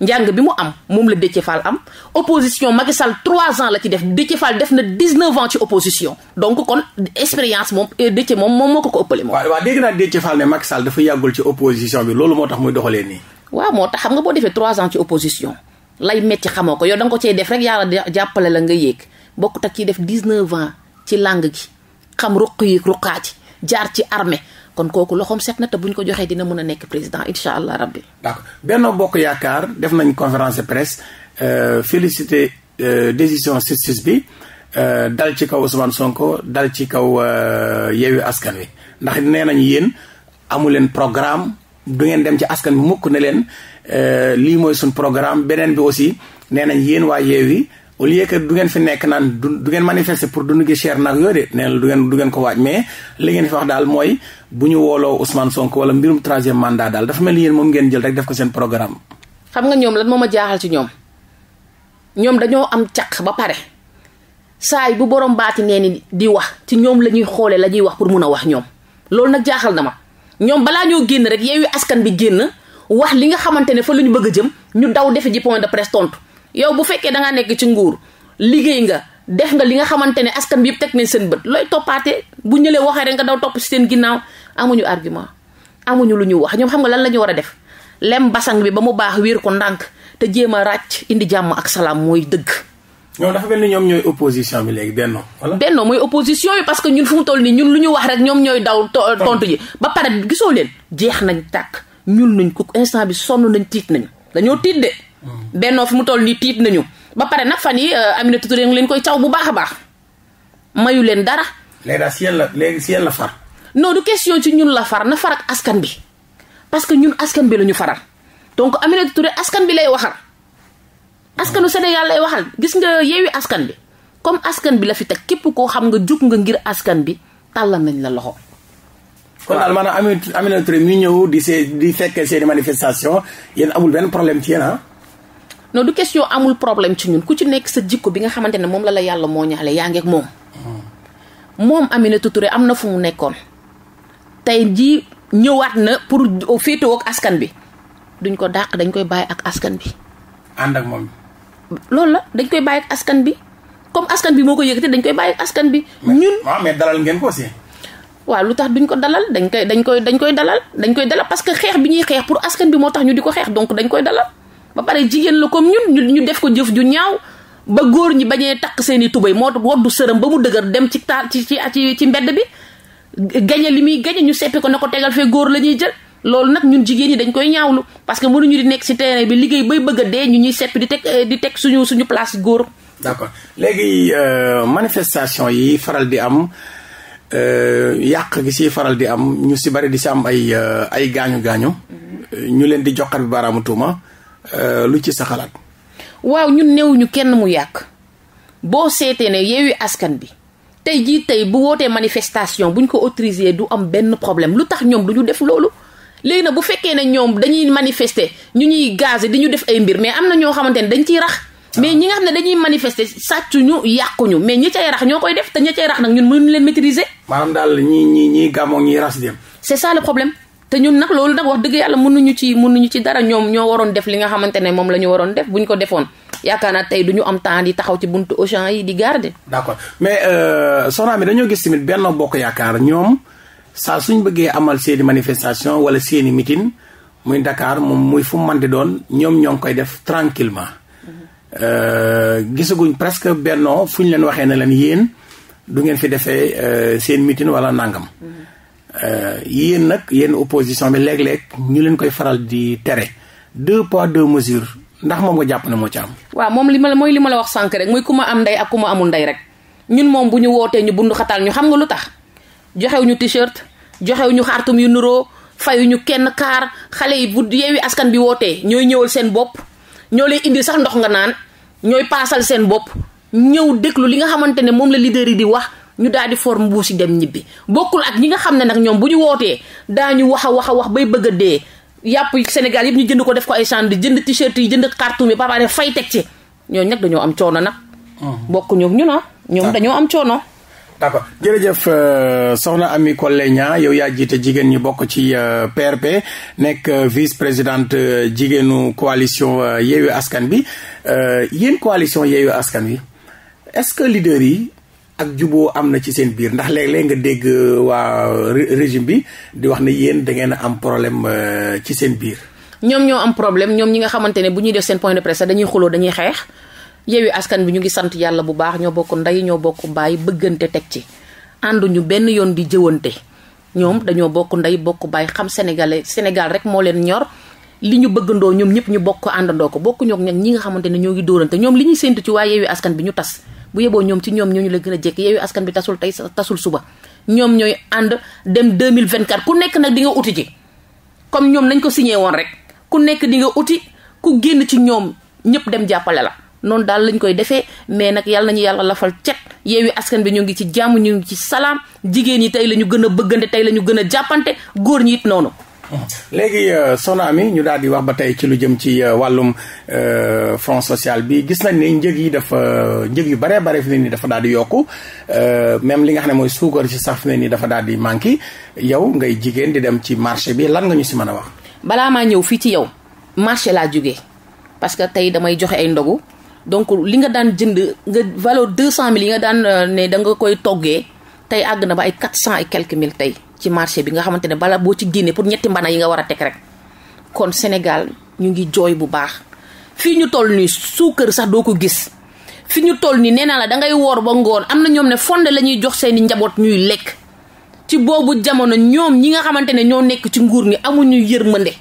njàng bi mu am moom la Déthié Fall am opposition Macky Sall trois ans la ci def Déthié Fall def na dix-neuf ans ci opposition donc kon expérience moom euh, moom moom moo ko ko ëppale moom. waaw waaw dégg naa Déthié Fall ne Macky Sall dafa bi loolu moo tax muy doxalee nii. waaw moo tax xam nga boo defee trois ans ci opposition lay metti xamoo ko yow da nga ko cee def rek yàlla jàppale la nga yéeg bokkut ak ci def dix-neuf ans ci langue gi. xam ruq yi ruqaati jaar ci armée kon kooku loxoom set na te bu ñu ko joxee dina mën a nekk président incha allah rabbi. d'accord Benno Bokk Yaakaar def nañ conférence de presse euh, félicité euh, décision justice bi euh, dal ci kaw Ousmane Sonko dal ci kaw euh, Yewwi Askan Wi ndax nee nañu yéen amu leen programme du ngeen dem ci askan bi mukk ne leen euh, lii mooy suñ programme beneen bi aussi nee nañ yéen waa Yewwi au lieu que du ngeen fi nekk naan du du ngeen manifester pour dund gi cher nag yooyu de nee du ngeen ko waaj mais li ngeen fi wax daal mooy bu ñu wooloo Ousmane sonk wala mbirum troisième mandat daal dafa mel ni yéen moom ngeen jël rek def ko seen programme. xam nga ñoom lan moo ma jaaxal ci ñoom ñoom dañoo am caq ba pare saay bu borom baati nee ni di wax ci ñoom la ñuy xoolee la ñuy wax pour mun a wax ñoom loolu nag jaaxal na ma ñoom balaa ñoo génn rek yeewu askan bi génn wax li nga xamante ne fa lu ñu bëgg a jëm ñu daw defe ji point de presse tontu. yow bu fekkee da ngaa nekk ci nguur liggéey nga def nga li nga xamante ne askan bi yëpp teg ne seen bët looy toppaate bu ñëlee waxee rek nga daw topp si seen ginnaaw amuñu argument amuñu lu ñu wax ñoom xam nga lan la ñu war a def lem basang bi ba mu baax wéer ko ndànk te jéem a ràcc indi jàmm ak salaam mooy dëgg. ñoom dafa mel ni ñoom ñooy opposition bi léegi benno wala. benno mooy opposition yi parce que ñun fu mu toll ñun lu ñu wax rek ñoom ñooy daw. tontu ji ba pare gisoo leen. jeex nañ tàkk ñun nañ ko instant bi sonn nañ tiit nañu dañoo tiit de bennoo fi mu toll nii tiit nañu ba pare nag fan yi euh, Aminata Touré ngi leen koy caw bu baax baax mayu leen dara. léegi si yéen la léegi si yéen la far. non du question ci ñun la far na far askan bi parce que ñun askan bi la ñu faral donc Aminata Touré askan bi lay waxal askanu Sénégal lay waxal gis nga yeewi askan bi comme askan bi la fi teg képp koo xam nga jug nga ngir askan bi tàllal nañ la loxo. kon daal maanaam Aminata Touré mi ñëw di see di fekkee seen i manifestation yéen amul benn problème ci yéen ah? non du question amul problème ci ñun ku ci nekk sa jikko bi nga xamante ne moom la la yàlla moo ñaale yaa ngi ak moom. moom Aminata Touré am na fu mu nekkoon tey jii ñëwaat na pour féetewoo ak askan bi duñ ko dàq dañ koy bàyyi ak askan bi. ànd ak moom. loolu la dañ koy bàyyi ak askan bi comme askan bi moo ko yëkkati dañ koy bàyyi askan bi. ñun waaw mais dalal ngeen ko aussi. waaw lu tax duñ ko dalal dañ koy dañ koy dañ koy dalal dañ koy dalal parce que xeex bi ñuy xeex pour askan bi moo tax ñu di ko xeex donc dañ koy dalal. ba pare jigéen la comme ñun ñu def ko jëf ju ñaaw ba góor ñi bañee takk seen i tubay moo woddu sërëm ba mu dëgër dem ci taal ci ci ci mbedd bi gañe li muy gañe ñu seppi ko ne ko tegal fee góor la ñuy jël loolu nag ñun jigéen ñi dañ koy ñaawlu parce que mënuñu di nekk ci terrain bi liggéey bay bëgg a dee ñu ñuy seppi di teg eh, di teg suñu suñu place góor. d'accord léegi euh, manifestation yi faral di am euh, yàq gi si faral di am ñu si bari di si am ay euh, ay gaañu gaañu. Mm-hmm. ñu leen di joxar bi baaraamu Euh, lu ci sa xalaat. waaw ñun néewuñu kenn mu yàq boo seetee ne yeewi askan bi tey jii tey bu wootee manifestation ñu ko autorisé du am benn problème lu tax ñoom du ñu def loolu. léegi nag bu fekkee ne ñoom dañuy manifester ñu ñuy gazé di ñu def ay mbir mais am na ñoo xamante ne dañ ciy rax. mais ñi nga xam ne dañuy manifester sàccuñu yàquñu mais ñi ca rax ñoo koy def te ñi cay rax nag ñun mënuñu leen maîtriser. maanaam daal ñi ñi ñi gàmmoo ñi ras dem. c'est te ñun nag loolu nag wax dëgg yàlla mënuñu ci mënuñu ci dara ñoom ñoo waroon def li nga xamante ne moom la ñu waroon def ñu ko defoon yaakaar naa tey du ñu am temps di taxaw ci buntu Auchan yi di garder. d'accord mais euh, soxna mi dañoo gis tamit Benno Bokk Yaakaar ñoom saa suñ bëggee amal seeni manifestation wala seeni meeting muy Dakar moom muy fu man di doon ñoom ñoo ngi koy def tranquillement mm-hmm. euh, gisaguñ presque Benno fu ñu leen waxee ne leen yéen du ngeen fi defee euh, seen meeting wala nangam. Mm-hmm. Euh, yéen nag yéen opposition bi léeg-léeg ñu leen koy faral di tere deux poids deux mesures ndax moom nga jàpp na moo ci am. waaw moom li ma la mooy li ma la wax sànq rek mooy ku am ndey ak ku ma amul ndey rek ñun moom bu ñu wootee ñu bundu xataal ñu xam nga lu tax joxew ñu t-shirt joxew ñu xartum yu nuroo fayu ñu kenn kaar xale yi bu yeewi askan bi wootee ñooy ñëwal seen bopp ñoo lay indi sax ndox nga naan ñooy paasal seen bopp ñëw déglu li nga xamante ne moom la leader yi di wax. ñu daal di forme mbuusi dem ñibbi bokkul ak ñi nga xam ne nag ñoom bu ñu wootee daañu wax a wax a wax bay bëgg a dee yàpp Sénégal yëpp ñu jënd ko def ko ay sand jënd t-shirt yi jënd carton yi papa ne fay teg ci ñooñu nag dañoo am coono nag. Oh. bokk ah, ñoom ñu na ñoom dañoo am coono. d'accord jërëjëf euh, soxna Amy Collé Niang yow yaa jiite jigéen ñi bokk ci PRP euh, nekk euh, vice présidente jigéenu coalition Yewwi Askan Wi yéen coalition Yewwi Askan Wi est-ce que leader yi ak juboo am na ci seen biir ndax léeg-léeg nga dégg euh, waa régime bi di wax ne yéen da ngeen a am problème euh, ci seen biir. ñoom ñoo am problème ñoom ñi nga xamante ne bu ñuy def seen point de presse dañuy xuloo dañuy xeex Yewwi Askan Wi ñu ngi sant yàlla bu baax ñoo bokk ndey ñoo bokk baay bëggante teg ci ànduñu benn yoon di jëwante ñoom dañoo bokk ndey bokk baay xam sénégalais senegal rek moo leen ñor. li ñu bëggandoo ñoom ñëpp ñu bokk àndandoo ko bokkuñoo ak ñi nga xamante ne ñoo ngi dóorante ñoom li ñuy séntu ci waa Yewwi Askan bi ñu tas bu yeboo ñoom ci ñoom ñoo ñooñu la gën a jekk yeewu askan bi tasul tey tasul suba ñoom ñooy ànd dem 2024 ku nekk nag di nga uti ji comme ñoom nañ ko signé woon rek ku nekk di nga uti ku génn ci ñoom ñëpp dem jàppale la noonu daal lañ koy defee mais nag yàlla nañu yàlla lafal cet yeewi askan bi ñu ngi ci jàmm ñu ngi ci salaam jigéen ñi tey la ñu gën a bëggante tey la ñu gën a jàppante góor ñi it noonu léegi euh, soxna mi ñu daal di wax ba tey ci lu jëm ci euh, wàllum euh, front sociale bi gis nañ ni njëg yi dafa njëg yu baree bare fi ne nii dafa daal di yokku même li nga xam ne mooy suukar ci sax fi ne nii dafa daal di manqué yow ngay jigéen di dem ci marché bi lan nga ñu si mën a wax. balaa maa ñëw fii ci yow marché laa jógee parce que tey damay joxe ay ndogu donc li nga daan jënd nga valeur deux cent mille yi nga daan ne da nga koy toggee tey àgg na ba ay quatre cent et quelques tey. ci marché bi nga xamante ne bala boo ci génnee pour ñetti mbana yi nga war a teg rek kon Sénégal ñu ngi jooy bu baax fii ñu toll nii suukar sax doo ko gis fi ñu toll nii nee naa la dangay woor ba ngoon am na ñoom ne fonde la ñuy jox seeni njaboot ñuy lekk ci boobu jamono ñoom ñi nga xamante ne ñoo nekk ci nguur ni amuñu yërmande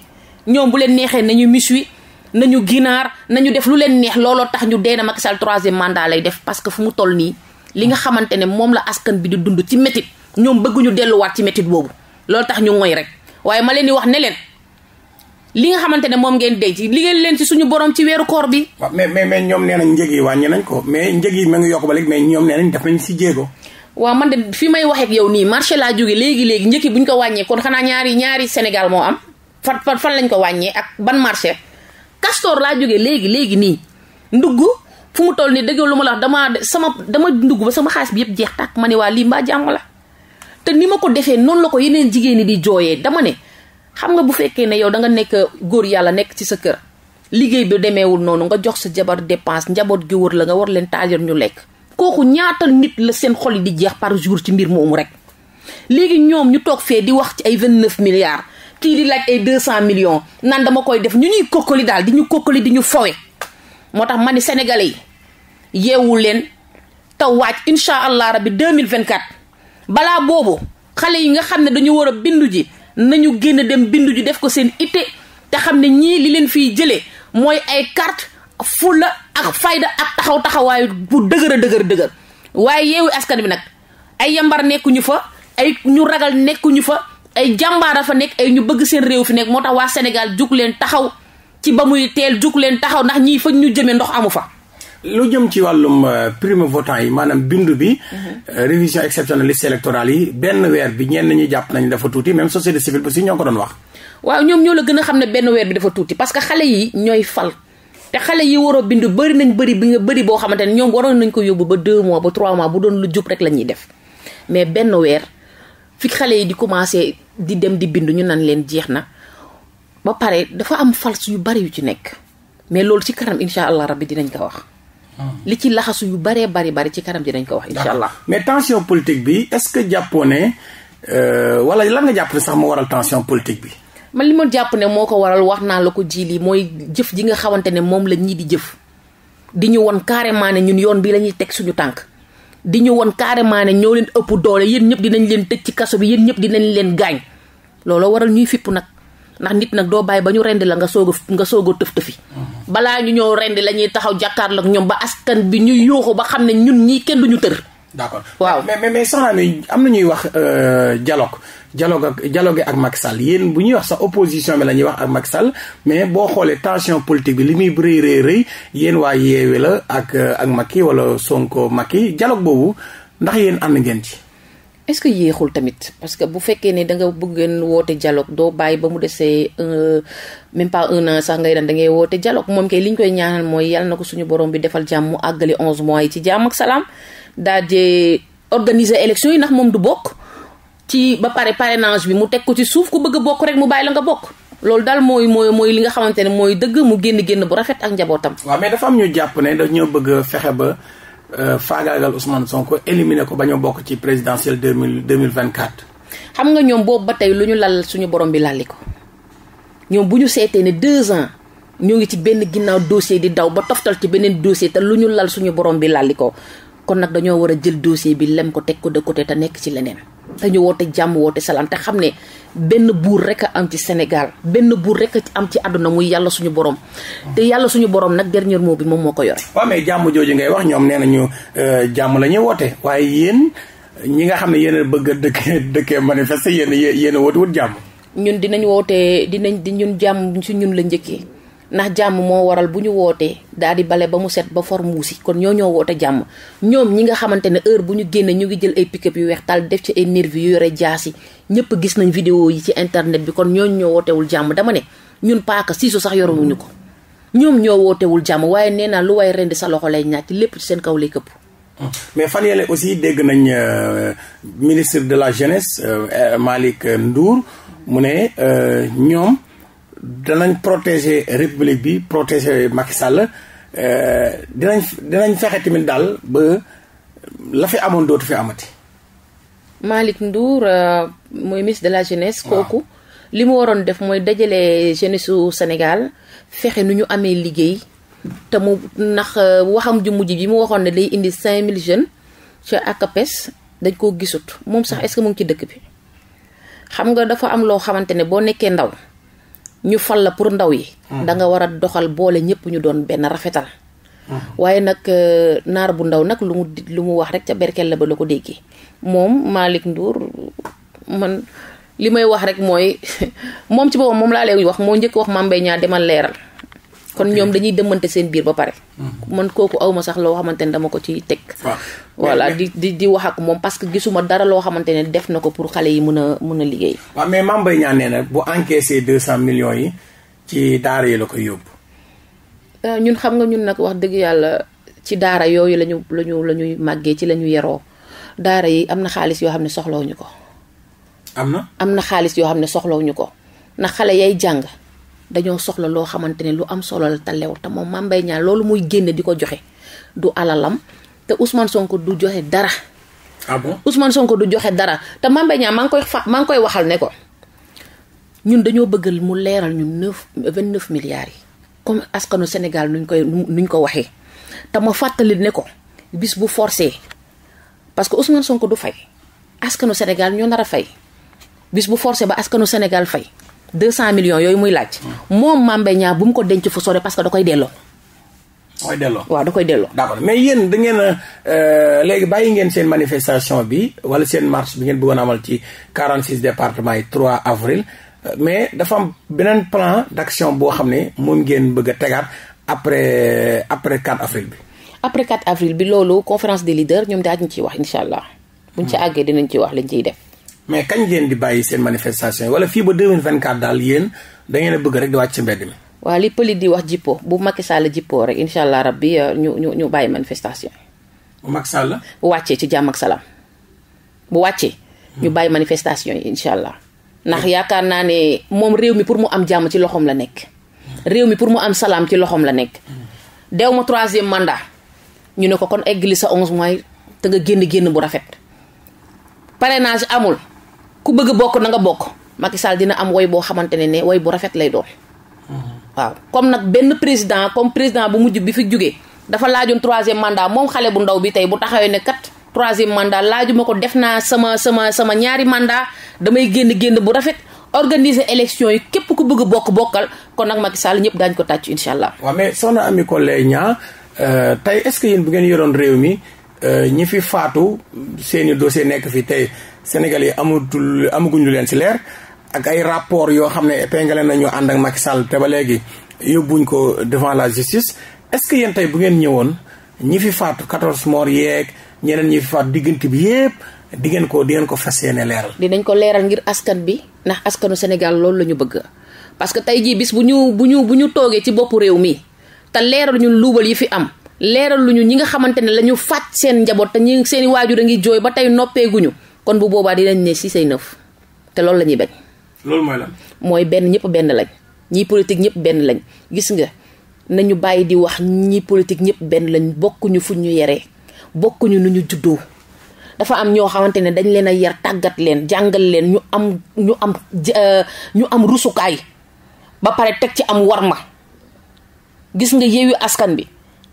ñoom bu leen neexee nañu miswi nañu ginaar nañu def lu leen neex looloo tax ñu dee na Macky Sall troisième lay def parce que fu mu toll nii li nga xamante ne moom la askan bi di dund ci métit ñoom bëgguñu delluwaat ci métit boobu loolu tax ñu ngoy rek waaye ma leen di wax ne leen li nga xamante ne moom ngeen denc liggéey leen ci suñu borom ci weeru koor bi. waaw mais mais mais ñoom nee nañ njëg yi wàññi nañ ko mais njëg yi ma ngi yokk ba léegi mais ñoom nee nañ def nañ ci jéego. waaw man may waxeek yow nii marché laa jóge léegi léegi njëg yi bu ñu ko wàññee kon ñaari ñaari Sénégal moo am fan fan fan lañ ko wàññee ak ban marché. Castor laa jóge léegi léegi nii ndugg fu mu toll nii dëgg lu ma la wax damaa sama dama ndugg ba sama xaalis bi yëpp jeex tàkk ma ne waa lii mbaa jàmm la te ni ma ko defee noonu la ko yeneen jigéen ñi di jooyee dama ne xam nga bu fekkee ne yow danga nekk góor yàlla nekk ci sa kër liggéey bi demeewul noonu nga jox sa jabar dépense njaboot gi wër la nga war leen taajal ñu lekk kooku ñaatal nit la seen xol yi di jeex par jour ci mbir moomu rek léegi ñoom ñu toog fee di wax ci ay vingt-neuf milliards kii di laaj ay deux cent millions nan dama koy def ñu ñuy kokkali daal di ñu kokkali di ñu fowe moo tax ma ni sénégalais yi yeewu leen taw waaj incha allah rabbi 2024 balaa boobu xale yi nga xam ne dañu war a bindu ji nañu génn dem bindu ji def ko seen itte te xam ne ñii li leen fiy jëlee mooy ay carte fulla ak fayda ak taxaw taxawaayu bu dëgër a dëgër dëgër waaye yeewu askan bi nag ay yambar nekkuñu fa ay ñu ragal nekkuñu fa ay jàmbaara fa nekk ay ñu bëgg seen réew fi nekk moo tax waa Sénégal jug leen taxaw ci ba muy teel jug leen taxaw ndax ñii fa ñu jëmee ndox amu fa lu jëm ci wàllum euh, prime votant yi maanaam bindu bi. Mhm. Euh, révision exceptionnelle liste électorale yi benn weer bi ñenn ñu jàpp nañ dafa tuuti même société civile bi si ñoo ko doon wax. waaw ñoom ñoo la gën a xam ne benn weer bi que xale yi ñooy fal. te xale yi waroo bindu bëri nañ bëri bi nga bëri boo xamante ne ñoom waroon nañ ko yóbbu ba deux mois ba trois mois bu doon lu jub rek la ñuy def mais benn weer fi xale yi di commencé di dem di bindu ñu nan leen jeex na ba pare dafa am fals yu bari yu ci nekk mais loolu ci kanam incha allah rabbi dinañ ko wax. li ci laxasu yu baree bari bari ci kanam ji dañ ko wax incha allah mais tension politique bi est-ce que jàppoo ne euh, wala lan nga jàpp ne sax moo waral tension politique bi man li ma jàpp ne moo ko waral wax naa la ko jii lii mooy jëf ji nga xamante ne moom la ñii di jëf di ñu won carrément ne ñun yoon bi la teg suñu tànk di ñu won carrément ne ñoo leen ëpp doole yéen ñëpp dinañ leen tëj ci kaso bi yéen ñëpp dinañ leen gaañ looloo waral ñuy fipp nag ndax nit nag doo bàyyi ba ñu rendi la nga soog a nga soog a tëf tëfi mm-hmm. balaa ñu ñëw rendi la ñuy taxaw jàkkaarloo ak ñoom ba askan bi ñu yuuxu ba xam ne ñun ñii kenn du ñu tër waaw mais mais mais soxna mi am na ñuy wax euh, dialogue dialogue ak dialogue ak Macky yéen bu ñuy wax sax opposition bi la ñuy wax ak Macky mais boo xoolee tension politique bi li muy rëy rëy rëy yéen waa yeewe la ak ak Macky wala Sonko Macky jaloog boobu ndax yéen ànd ngeen ci est-ce que yéexul tamit parce que bu fekkee ne da nga bëggeen woote dialogue doo bàyyi ba mu desee même pas un an sax nga daan da ngay woote dialogue moom kay li ñu koy ñaanal mooy yàlla na ko suñu borom bi defal jàmm mu àggale onze mois yi ci jàmm ak daal di organiser élection yi ndax moom du bokk ci ba pare parrainage bi mu teg ko ci suuf ku bëgg a bokk rek mu bàyyi la nga bokk loolu daal mooy mooy mooy li nga xamante ne mooy dëgg mu génn génn bu rafet ak njabootam. waaw mais dafa am ñu jàpp ne ñoo bëgg fexe ba. Euh, faagaagal Ousmane Sonko éliminer ko ba ñu bokk ci présidentielle deux mille deux mille vingt quatre. xam nga ñoom boobu ba tey lu ñu lal suñu borom bi lalli ko ñoom bu ñu seetee ne deux ans ñoo ngi ci benn ginnaaw dossier di daw ba toftal ci beneen dossier te lu ñu lal suñu borom bi lalli ko kon nag dañoo war a jël dossier bi lem ko teg ko de côté te nekk ci leneen. te ñu woote jàmm woote salaam te xam ne benn buur rek a am ci Sénégal benn buur rek a am ci àdduna muy yàlla suñu borom. te yàlla suñu borom nag dernier mot bi moom moo ko yore. waaw mais jàmm jooju ngay wax ñoom nee ñu euh, jàmm la ñuy woote waaye yéen ñi nga xam ne yéen bëgg a dëkkee dëkkee manifester yéen a yéen a woote wut jàmm. ñun dinañ wootee dinañ di ñun jàmm si ñun la njëkkee. ndax jàmm moo waral bu ñu wootee daal di bale ba mu set ba for muusi kon ñoo ñoo woote jàmm ñoom ñi nga xamante ne heure bu ñu génne ñu ngi jël ay pick yu weex tal def ci ay nervi yu yore yi ñëpp gis nañ video yi ci internet bi kon ñooñ ñoo wootewul jàmm dama ne ñun paaka siisu sax yorowuñu ko ñoom ñoo wootewul jàmm waaye nee naa lu waay rendi sa loxo lay ñaati lépp ci seen kaw lay këpp mais fan yële aussi dégg nañ euh, ministre de la jeunesse euh, Malick Ndour mu ne euh, ñoom danañ protéger république bi protéger Macky Sall euh, dinañ dinañ fexe tamit daal ba la fi amoon dootu fi amati. Malick Ndour euh, mooy ministre de la jeunesse. kooku li mu waroon def mooy dajale jeunesse su Sénégal fexe nu ñu amee liggéey te mu ndax euh, waxam ju mujj bi mu waxoon ne day indi mille jeunes ca ACAPES dañ koo gisut moom sax hmm. est-ce mu ngi ci dëkk bi xam nga dafa am loo xamante ne boo nekkee ndaw. ñu fal la pour ndaw yi. Mm-hmm. da nga war a doxal boole ñëpp ñu doon benn rafetal. Mm-hmm. waaye nag euh, naar bu ndaw nag lu mu lu mu wax rek ca berkel la ba la ko déggee moom maalik Ndour man li may wax rek mooy moom ci boppam moom laa lay wax moo njëkk wax Mame ñaa demal leeral. kon ñoom dañuy demante seen biir ba pare. Hmm. man kooku aw ma sax loo xamante ne dama ko ci teg. voilà di di di wax ak moom parce que gisuma dara loo xamante ne def na ko pour xale yi mën a mun a liggéey. waaw mais Mame Mbaye Niang nee na bu encaissé deux cent millions yi ci daara yi la koy yóbbu. Euh, ñun xam nga ñun nag wax dëgg yàlla ci daara yooyu la ñu la ñu la ñuy màggee ci la ñu yeroo daara yi am na xaalis yoo xam ne soxlawuñu ko. am am na xaalis yoo xam ne soxlawuñu ko ndax xale yay jàng. dañoo soxla loo xamante ne lu am solo la te lew te moom Mame loolu muy génne di ko joxe du alalam te Ousmane Sonko du joxe dara. ah Sonko du joxe dara te Mame Mbaye maa ngi koy fa maa ngi koy waxal ne ko ñun dañoo bëggal mu leeral ñu neuf vingt neuf milliards yi comme askanu Sénégal nuñ koy nuñ ko waxee te ma fàttali ne ko bis bu forcé parce que Ousmane Sonko du fay askanu Sénégal ñoo nar a fay bis bu forcé ba askanu Sénégal fay. deux cent million yooyu muy laaj. moom Mame Mbaye Niang bu mu ko denc fu sore parce que da koy delloo. da koy delloo waaw da koy delloo. d'accord mais yéen da ngeen a euh, léegi bàyyi ngeen seen manifestation bi wala seen marche bi ngeen bëggoon amal ci quarante six départements yi 3 avril euh, mais dafa am beneen plan d'action boo xam ne moom ngeen bëgg a tegaat après après 4 avril bi. après 4 avril bi loolu conférence des leaders ñoom daañu ciy wax incha allah. buñ ci hmm. àggee dinañ ci wax lañ ciy def. mais kañ ngeen di bàyyi seen manifestation yi wala fii ba 2024 daal yéen da ngeen a bëgg rek di wàcc ci mbedd mi. waaw li pëlit di wax jippo bu Macky Sall jippoo rek incha allah rabbi euh, ñu ñu ñu bàyyi manifestation yi. bu Macky Sall. bu wàccee ci jàmm ak salaam bu wàccee. ñu hmm. bàyyi manifestation yi incha allah. ndax hmm. yaakaar naa ne moom réew mi pour mu am jàmm ci loxoom la nekk. réew mi pour mu am salaam ci loxoom la nekk. Hmm. dew ma troisième mandat. ñu ne ko kon eggali sa onze mois te génn génn bu rafet. parrainage amul. ku bëgg bokk na nga bokk Macky Sall dina am woy boo xamante ne ne woy bu rafet lay doon. waaw comme nag benn président comme président bu mujj bi fi jógee dafa laajoon troisième mandat moom xale bu ndaw bi tey bu taxawee ne kat troisième mandat laajuma ko def naa sama sama sama ñaari mandat damay génn génn bu rafet. organiser élection yi képp ku bëgg bokk bokkal kon nag Macky Sall ñëpp daañu ko tàcc incha allah. waaw mais soxna Amy Collé Niang euh, tey est-ce que yéen bu ngeen yoroon réew mi euh, ñi fi faatu seeni dossier nekk fi tey Sénégal yi amatul amaguñ leen ci leer ak ay rapport yoo xam ne épinglé nañu ànd ak Macky te ba léegi yóbbuñ ko devant la justice est-ce que yéen tey bu ngeen ñëwoon ñi fi faatu 14 morts yeeg ñeneen ñi fi faatu diggante bi yépp di ngeen ko di ngeen ko fas yéene leeral. dinañ ko leeral ngir askan bi ndax askanu Sénégal loolu la ñu bëgg parce que tey jii bis bu ñu bu ñu bu ñu toogee ci boppu réew mi te leeral ñu luubal yi fi am. leeral lu ñu ñi nga xamante ne lañu ñu seen njaboot te ñi seen i waajur a ngi jooy ba tey noppeeguñu kon bu boobaa dinañ ne six ay neuf te loolu la ñuy bañ. loolu mooy lan. mooy benn ñëpp benn lañ ñii politique ñëpp benn lañ gis nga nañu bàyyi di wax ñii politique ñëpp benn lañ bokkuñu fu ñu yere bokkuñu nu ñu juddoo. dafa am ñoo xamante ne dañ leen a yar tàggat leen jàngal leen ñu am ñu am euh, ñu am rusukaay ba pare teg ci am war ma gis nga yeewu askan bi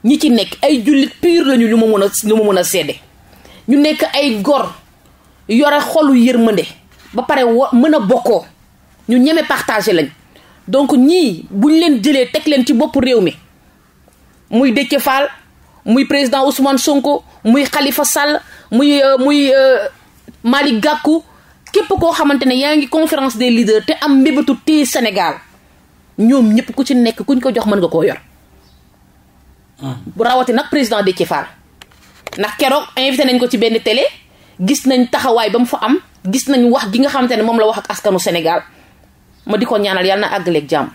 ñi ci nekk ay jullit pur lañu lu ma mën a lu ma mën a seede ñu nekk ay gor yore xolu yërmande ba pare mën a bokkoo ñu ñeme partagé lañ donc ñii bu ñu leen jëlee teg leen ci bopp réew mi muy Déthié Fall muy président Ousmane Sonko muy xalifa Sall muy euh, muy euh, mali gàkku képp koo xamante ne yaa ngi conférence des leaders te am mbébétu téye Sénégal ñoom ñëpp ku ci nekk kuñ ko jox mën nga koo yor. bu ah. rawati nag président Déthié Fall ndax keroog invité nañ ko ci benn télé. gis nañ taxawaay ba mu fa am gis nañ wax gi nga xamante ne moom la wax ak askanu Sénégal ma di ko ñaanal yàlla na àggaleeg jàmm.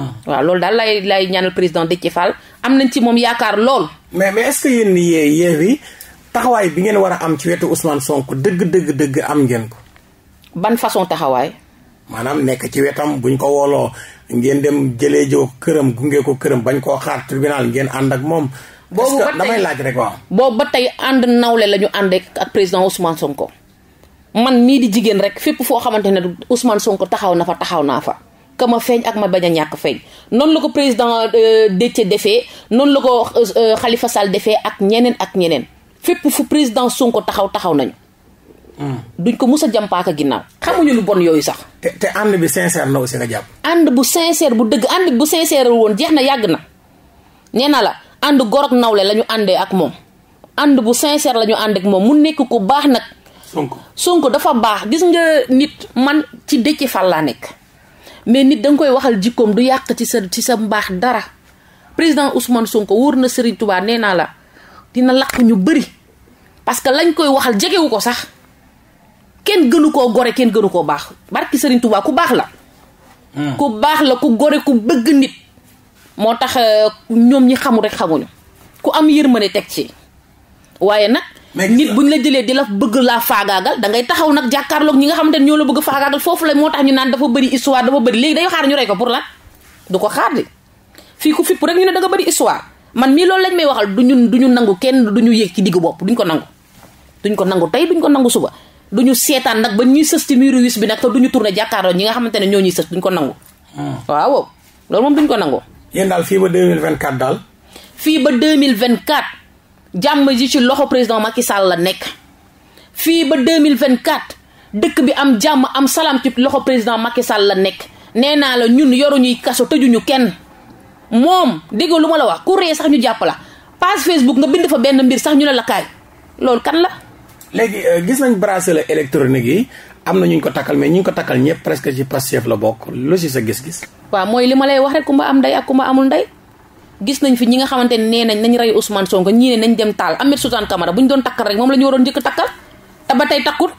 Ah. waaw loolu daal lay lay ñaanal président Déthié Fall am nañ ci moom yaakaar lool. mais mais est-ce que yéen taxawaay bi ngeen war a am ci wetu Ousmane Sonko dëgg dëgg dëgg am ngeen ko. ban façon taxawaay. maanaam nekk ci wetam buñ ko wooloo ngeen dem jëlee joo këram gunge ko këram bañ koo xaar tribunal ngeen ànd ak moom boobu ba tey damay laaj rek waaw. ba tey ànd nawle la ñu ànd ak président Ousmane Sonko man mii di jigéen rek fépp foo xamante ne Ousmane Sonko taxaw na fa taxaw naa fa. ka ma feeñ ak ma bañ a ñàkk feeñ noonu la ko président euh, Déthié defee noonu la ko xalifa euh, Sall defee ak ñeneen ak ñeneen fépp fu président Sonko taxaw taxaw nañu. Hmm. duñ ko mus a jàmpaaka ginnaaw. xamuñu lu bon yooyu sax. te te ànd bi sincère la aussi nga jàpp. ànd bu sincère bu dëgg ànd bu sincère woon jeex na yàgg na nee na la. ànd gorog nawle la ñu àndee ak moom ànd bu sincère la ñu ànd moom mu nekk ko baax nag. Sonko Sonko dafa baax gis nga nit man ci Déthié Fall laa nekk mais nit da koy waxal jikkoom du yàq ci sa ci sa mbaax dara président Ousmane Sonko wóor na Serigne Touba nee naa la dina làq ñu bëri parce que lañ koy waxal jegewu ko sax kenn gënu koo gore kenn gënu koo baax barki Serigne Touba ku baax la. Hmm. ku baax la ku gore ku bëgg nit. moo tax euh, ñoom ñi xamul rek xamuñu ku am yërmande teg ci waaye nag. nit buñ la jëlee di la bëgg laa faagaagal dangay taxaw nag jàkkaarloog ñi nga xamante ne ñoo la bëgg faagaagal foofu la moo tax ñu naan dafa bëri histoire dafa bëri léegi day xaar ñu rey ko pour lan du fii ku fipp rek ne da bëri histoire man mii loolu lañ may waxal du ñun du ñu nangu kenn du ñu yéeg bopp duñ ko nangu duñ ko nangu tey duñ ko nangu suba duñu seetaan nag ba ñuy sës ci miiru wis bi nag te duñu tourné jàkkaarloog ñi nga xamante ne ñoo ñuy sës duñ ko nangu ah. waaw loolu moom duñ ko nangu yéen daal fii ba deux mille vingt daal. fii ba deux mille vingt quatre jàmm ji ci loxo président Macky Sall la nekk fii ba deux mille vingt quatre dëkk bi am jàmm am salaam ci loxo président Macky Sall la nekk nee naa la ñun yoruñuy kaso tëjuñu kenn moom déggoo lu ma la wax ku ree sax ñu jàpp la page Facebook nga bind fa benn mbir sax ñu ne la kaay loolu kan la. léegi euh, gis nañ bracelet électronique yi am na ñu ñu ko takkal mais ñu ko takkal ñëpp presque ci Pastef la bokk lu si sa gis-gis. waaw mooy li ma lay wax rek ku am ndey ak ku amul ndey gis nañ fi ñi nga xamante ne nañ nañ rey Ousmane Sonko ñii ne nañ dem taal Ahmed Suzanne Camara bu ñu doon takkal rek moom la ñu waroon njëkk takkal te ba tey takkut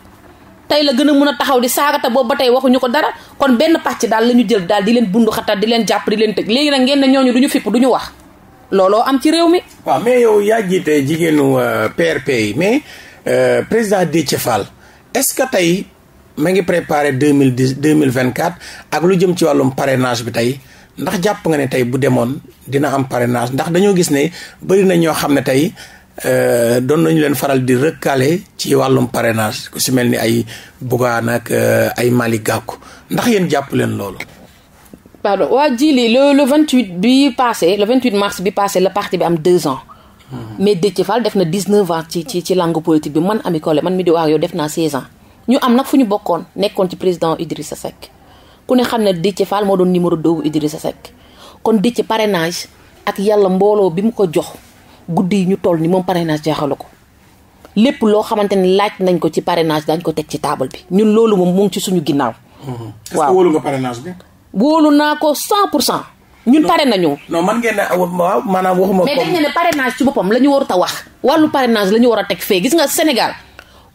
tey la gën a mën a taxaw di saagata boobu ba tey waxuñu ko dara kon benn ci daal la ñu jël daal di leen bundu xatal di leen jàpp di léegi nag ngeen ñu fipp looloo am ci réew mi. waaw mais yow yaa jiite jigéenu PRP euh, yi euh, président Déthié Fall est-ce que ma ngi préparé deux mille dix deux mille vingt quatre ak lu jëm ci wàllum parrainage bi tey ndax jàpp nga ne tey bu demoon dina am parenage ndax dañoo gis ne bëri na ñoo xam ne tey euh, doon nañu leen faral di recalé ci wàllum parrainage ku si mel ni ay Bougane ak euh, ay Malick Gakou ndax yéen jàpp leen loolu. pardon waa Djily le le vingt huit bi passé le vingt huit mars bi passé la parti bi am deux ans. Hmm. mais Déthié Fall def na dix neuf ans ci ci ci langue politique bi man Ami man mi di def naa seize ñu am nag fu ñu bokkoon nekkoon ci président sa Seck ku ne xam ne Déthié Fall moo doon numéro 2 bu sa Seck kon Déthié parenage ak yàlla mbooloo bi mu ko jox guddi yi ñu toll ni moom parrainage jaaxalu ko lépp loo xamante ne laaj nañ ko ci parrainage dañ ko teg ci table bi ñun loolu moom mu ci suñu ginnaaw. Mm-hmm. waaw est-ce que bi. wóolu naa ko 100 pour cent. ñun pare nañu. non man ngeen ah, a waaw maanaam waxuma. mais dañ ne parenage ci boppam la ñu warut a wax wàllu parrainage la ñu war a teg fee gis nga Sénégal.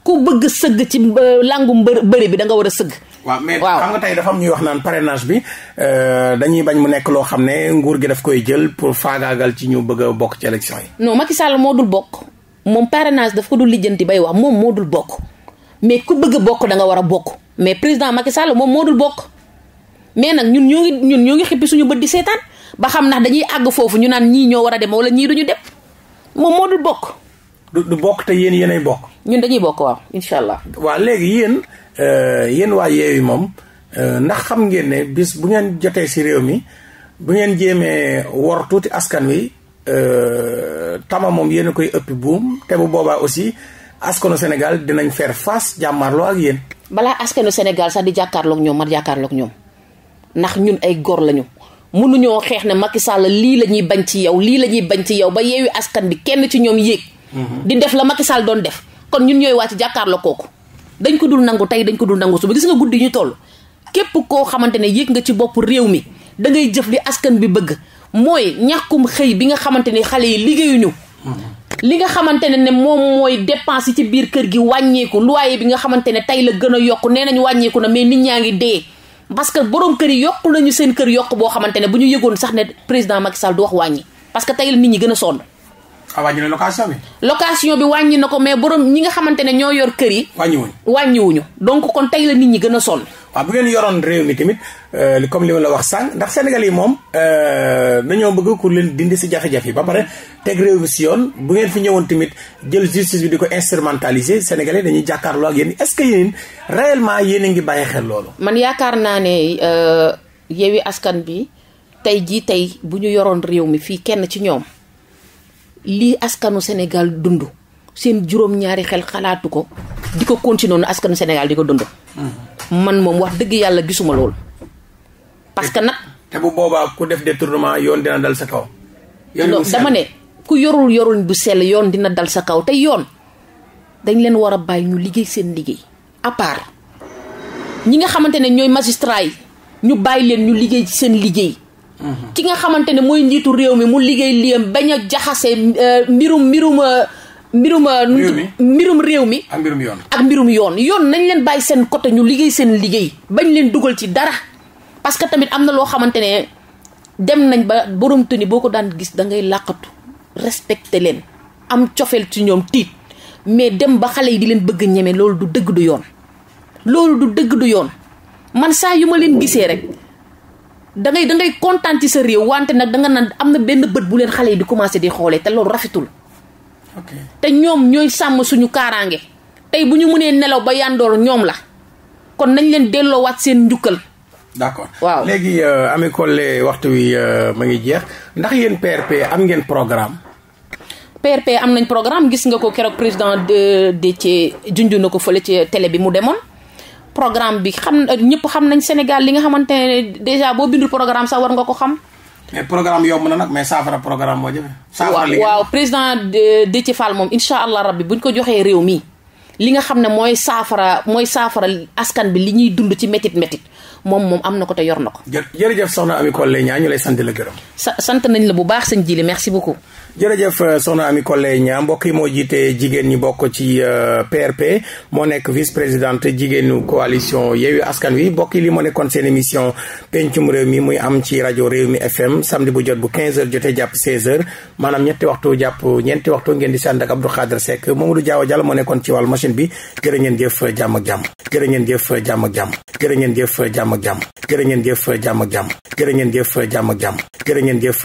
ku bëgg sëgg ci euh, langum bëri bi da nga war a sëgg. waaw mais xam nga tey dafa am ñuy wax naan parrainage bi euh, dañuy bañ mu nekk loo xam ne nguur gi daf koy jël pour faagaagal ci ñu bëgg a bokk ci élection yi. non Macky Sall moo dul bokk moom parrainage daf ko dul lijjanti bay wax moom moo dul bokk mais ku bëgg a bokk da nga war a bokk mais président Macky Sall moom moo dul bokk mais nag ñun ñoo ngi ñun ñoo ngi xippi suñu bët di seetaan ba xam ndax dañuy àgg foofu ñu naan ñii ñoo war a dem wala ñii duñu dem moom moo dul bokk. du du bokk te yéen yéenay bokk. ñun dañuy bokk waaw incha allah. waaw léegi yéen euh, yéen waa Yewwi moom euh, ndax xam ngeen ne bis bu ngeen jotee si réew mi bu ngeen jéemee wor tuuti askan wi euh, tama moom yéen a koy ëpp buum te bu boobaa aussi askanu Sénégal dinañ faire face jàmmarloo ak yéen. balaa askanu Sénégal sax di jàkkaarloog ñoom man jàkkaarloog ñoom ndax ñun ay góor lañu. mënuñoo xeex ne Macky Sall lii la ñuy bañ ci yow lii la ñuy bañ ci yow ba yeewi askan bi kenn ci ñoom yéeg. Mhm. di def la Macky Sall doon def kon ñun ñooy wàcc jàkkaarloo kooku dañ ko dul nangu tey dañ ko dul nangu suba gis nga guddi ñu toll képp koo xamante ne yéeg nga ci bopp réew mi da ngay jëf li askan bi bëgg mooy ñàkkum xëy bi nga xamante ne xale yi liggéeyuñu mhm. li nga xamante ne ne moom mooy dépense yi ci biir kër gi wàññeeku loyer bi nga xamante ne tey la gën a yokk nee nañu wàññeeku na mais nit ñaa ngi dee parce que borom kër yi yokk lañu seen kër yokk boo xamante ne bu ñu yëgoon sax ne président Macky Sall wax wàññi parce que tey la ñi gën a sonn ah wàññi na location bi. location bi wàññi na ko mais borom ñi nga xamante ne ñoo yor kër yi. wàññiwuñu wàññiwuñu donc kon tey la nit ñi gën a sonn. waaw bu ngeen réew mi tamit euh, comme li ma wax sànq ndax Sénégal yi moom euh, dañoo bëgg ku leen dindi si jafe yi ba pare teg réew yoon bu fi ñëwoon tamit jël justice bi di ko instrumentaliser Sénégal yi dañuy jàkkaarloo ak yéen est-ce que yéen réellement yéen a ngi bàyyi xel loolu. man yaakaar naa ne euh, Yewwi Askan bi tey jii tey bu ñu yoroon réew mi fii kenn ci ñoom lii askanu Sénégal dund seen juróom-ñaari xel xalaatu ko di ko continuer nu askanu Sénégal di ko dund. Mhm. man moom wax dëgg yàlla gisuma loolu. parce que nag. te bu boobaa ku def détournement yoon dina dal sa kaw. yoon dama ne ku yorul yorul bu sell yoon dina dal sa kaw te yoon dañ leen war a bàyyi ñu liggéey seen liggéey. à ñi nga xamante ne ñooy magistrat yi ñu bàyyi leen ñu liggéey ci seen liggéey ci nga xamante ne mooy njiitu réew mi mu liggéey liyam bañ a jaxase euh, mbirum mbirum euh, mbirum euh, mbirum réew mi ak mbirum yoon ak mbirum yoon yoon nañ leen bàyyi seen côté ñu liggéey seen liggéey bañ leen dugal ci dara parce que tamit am na loo xamante ne dem nañ ba borom tëni boo ko daan gis da ngay làqatu respecté leen am cofeel ci ñoom tiit mais dem ba xale yi di leen bëgg ñeme loolu du dëgg du yoon loolu du dëgg du yoon man saa yu ma leen gisee rek da ngay da ngay kontaan sa réew wante nag danga nga naan am na benn bët bu leen xale yi di commencé di xoolee te loolu rafetul. te ñoom ñooy sàmm suñu kaaraange. tey bu ñu mënee nelaw ba yàndoor ñoom la kon nañ leen delloowaat seen njukkal. d'accord waaw léegi euh, Ami Collé waxtu wi euh, mu ngi jeex ndax yéen PRP am ngeen programme. PRP am nañ programme gis nga ko keroog président de de ci junj na ko fële ci télé bi mu demoon. programme bi xam ñëpp xam nañ Sénégal li nga xamante ne déjà boo bindul programme sax war nga ko xam. mais programme yomb na nag mais saafara programme moo jafe. saafara waaw waaw président Déthié Fall moom incha allah rabbi buñ ko joxee réew mi li nga xam ne mooy saafara mooy saafara askan bi li ñuy dund ci métit métit moom moom am na ko te yor na ko. jërëjëf soxna Amy Collé Niang ñu lay sant la gërëm. sa sant nañ la bu baax sëñ Jili merci beaucoup. jërëjëf euh, soxna Amy Collé Niang mbokk yi moo jiite jigéen ñi bokk ci PRP euh, moo nekk vice présidente jigéenu coalition Yewwi Askan Wi mbokk yi li moo nekkoon seen émission pencum réew mi muy am ci rajo réew mi FM samedi bu jot bu 15h jotee jàpp 16h maanaam ñetti waxtu jàpp ñeenti waxtu ngeen di sànd ak Abdou Khadre Seck Mamadou Diaw Diallo moo nekkoon ci wàllu machine bi gërë ngeen jëf jàmm ak gërë jërë jëf jàmm ak gërë jërë jëf jàmm ak jàmm jërë ngeen jëf jàmm jàmm jërë ngeen jëf jàmm jàmm jërë jëf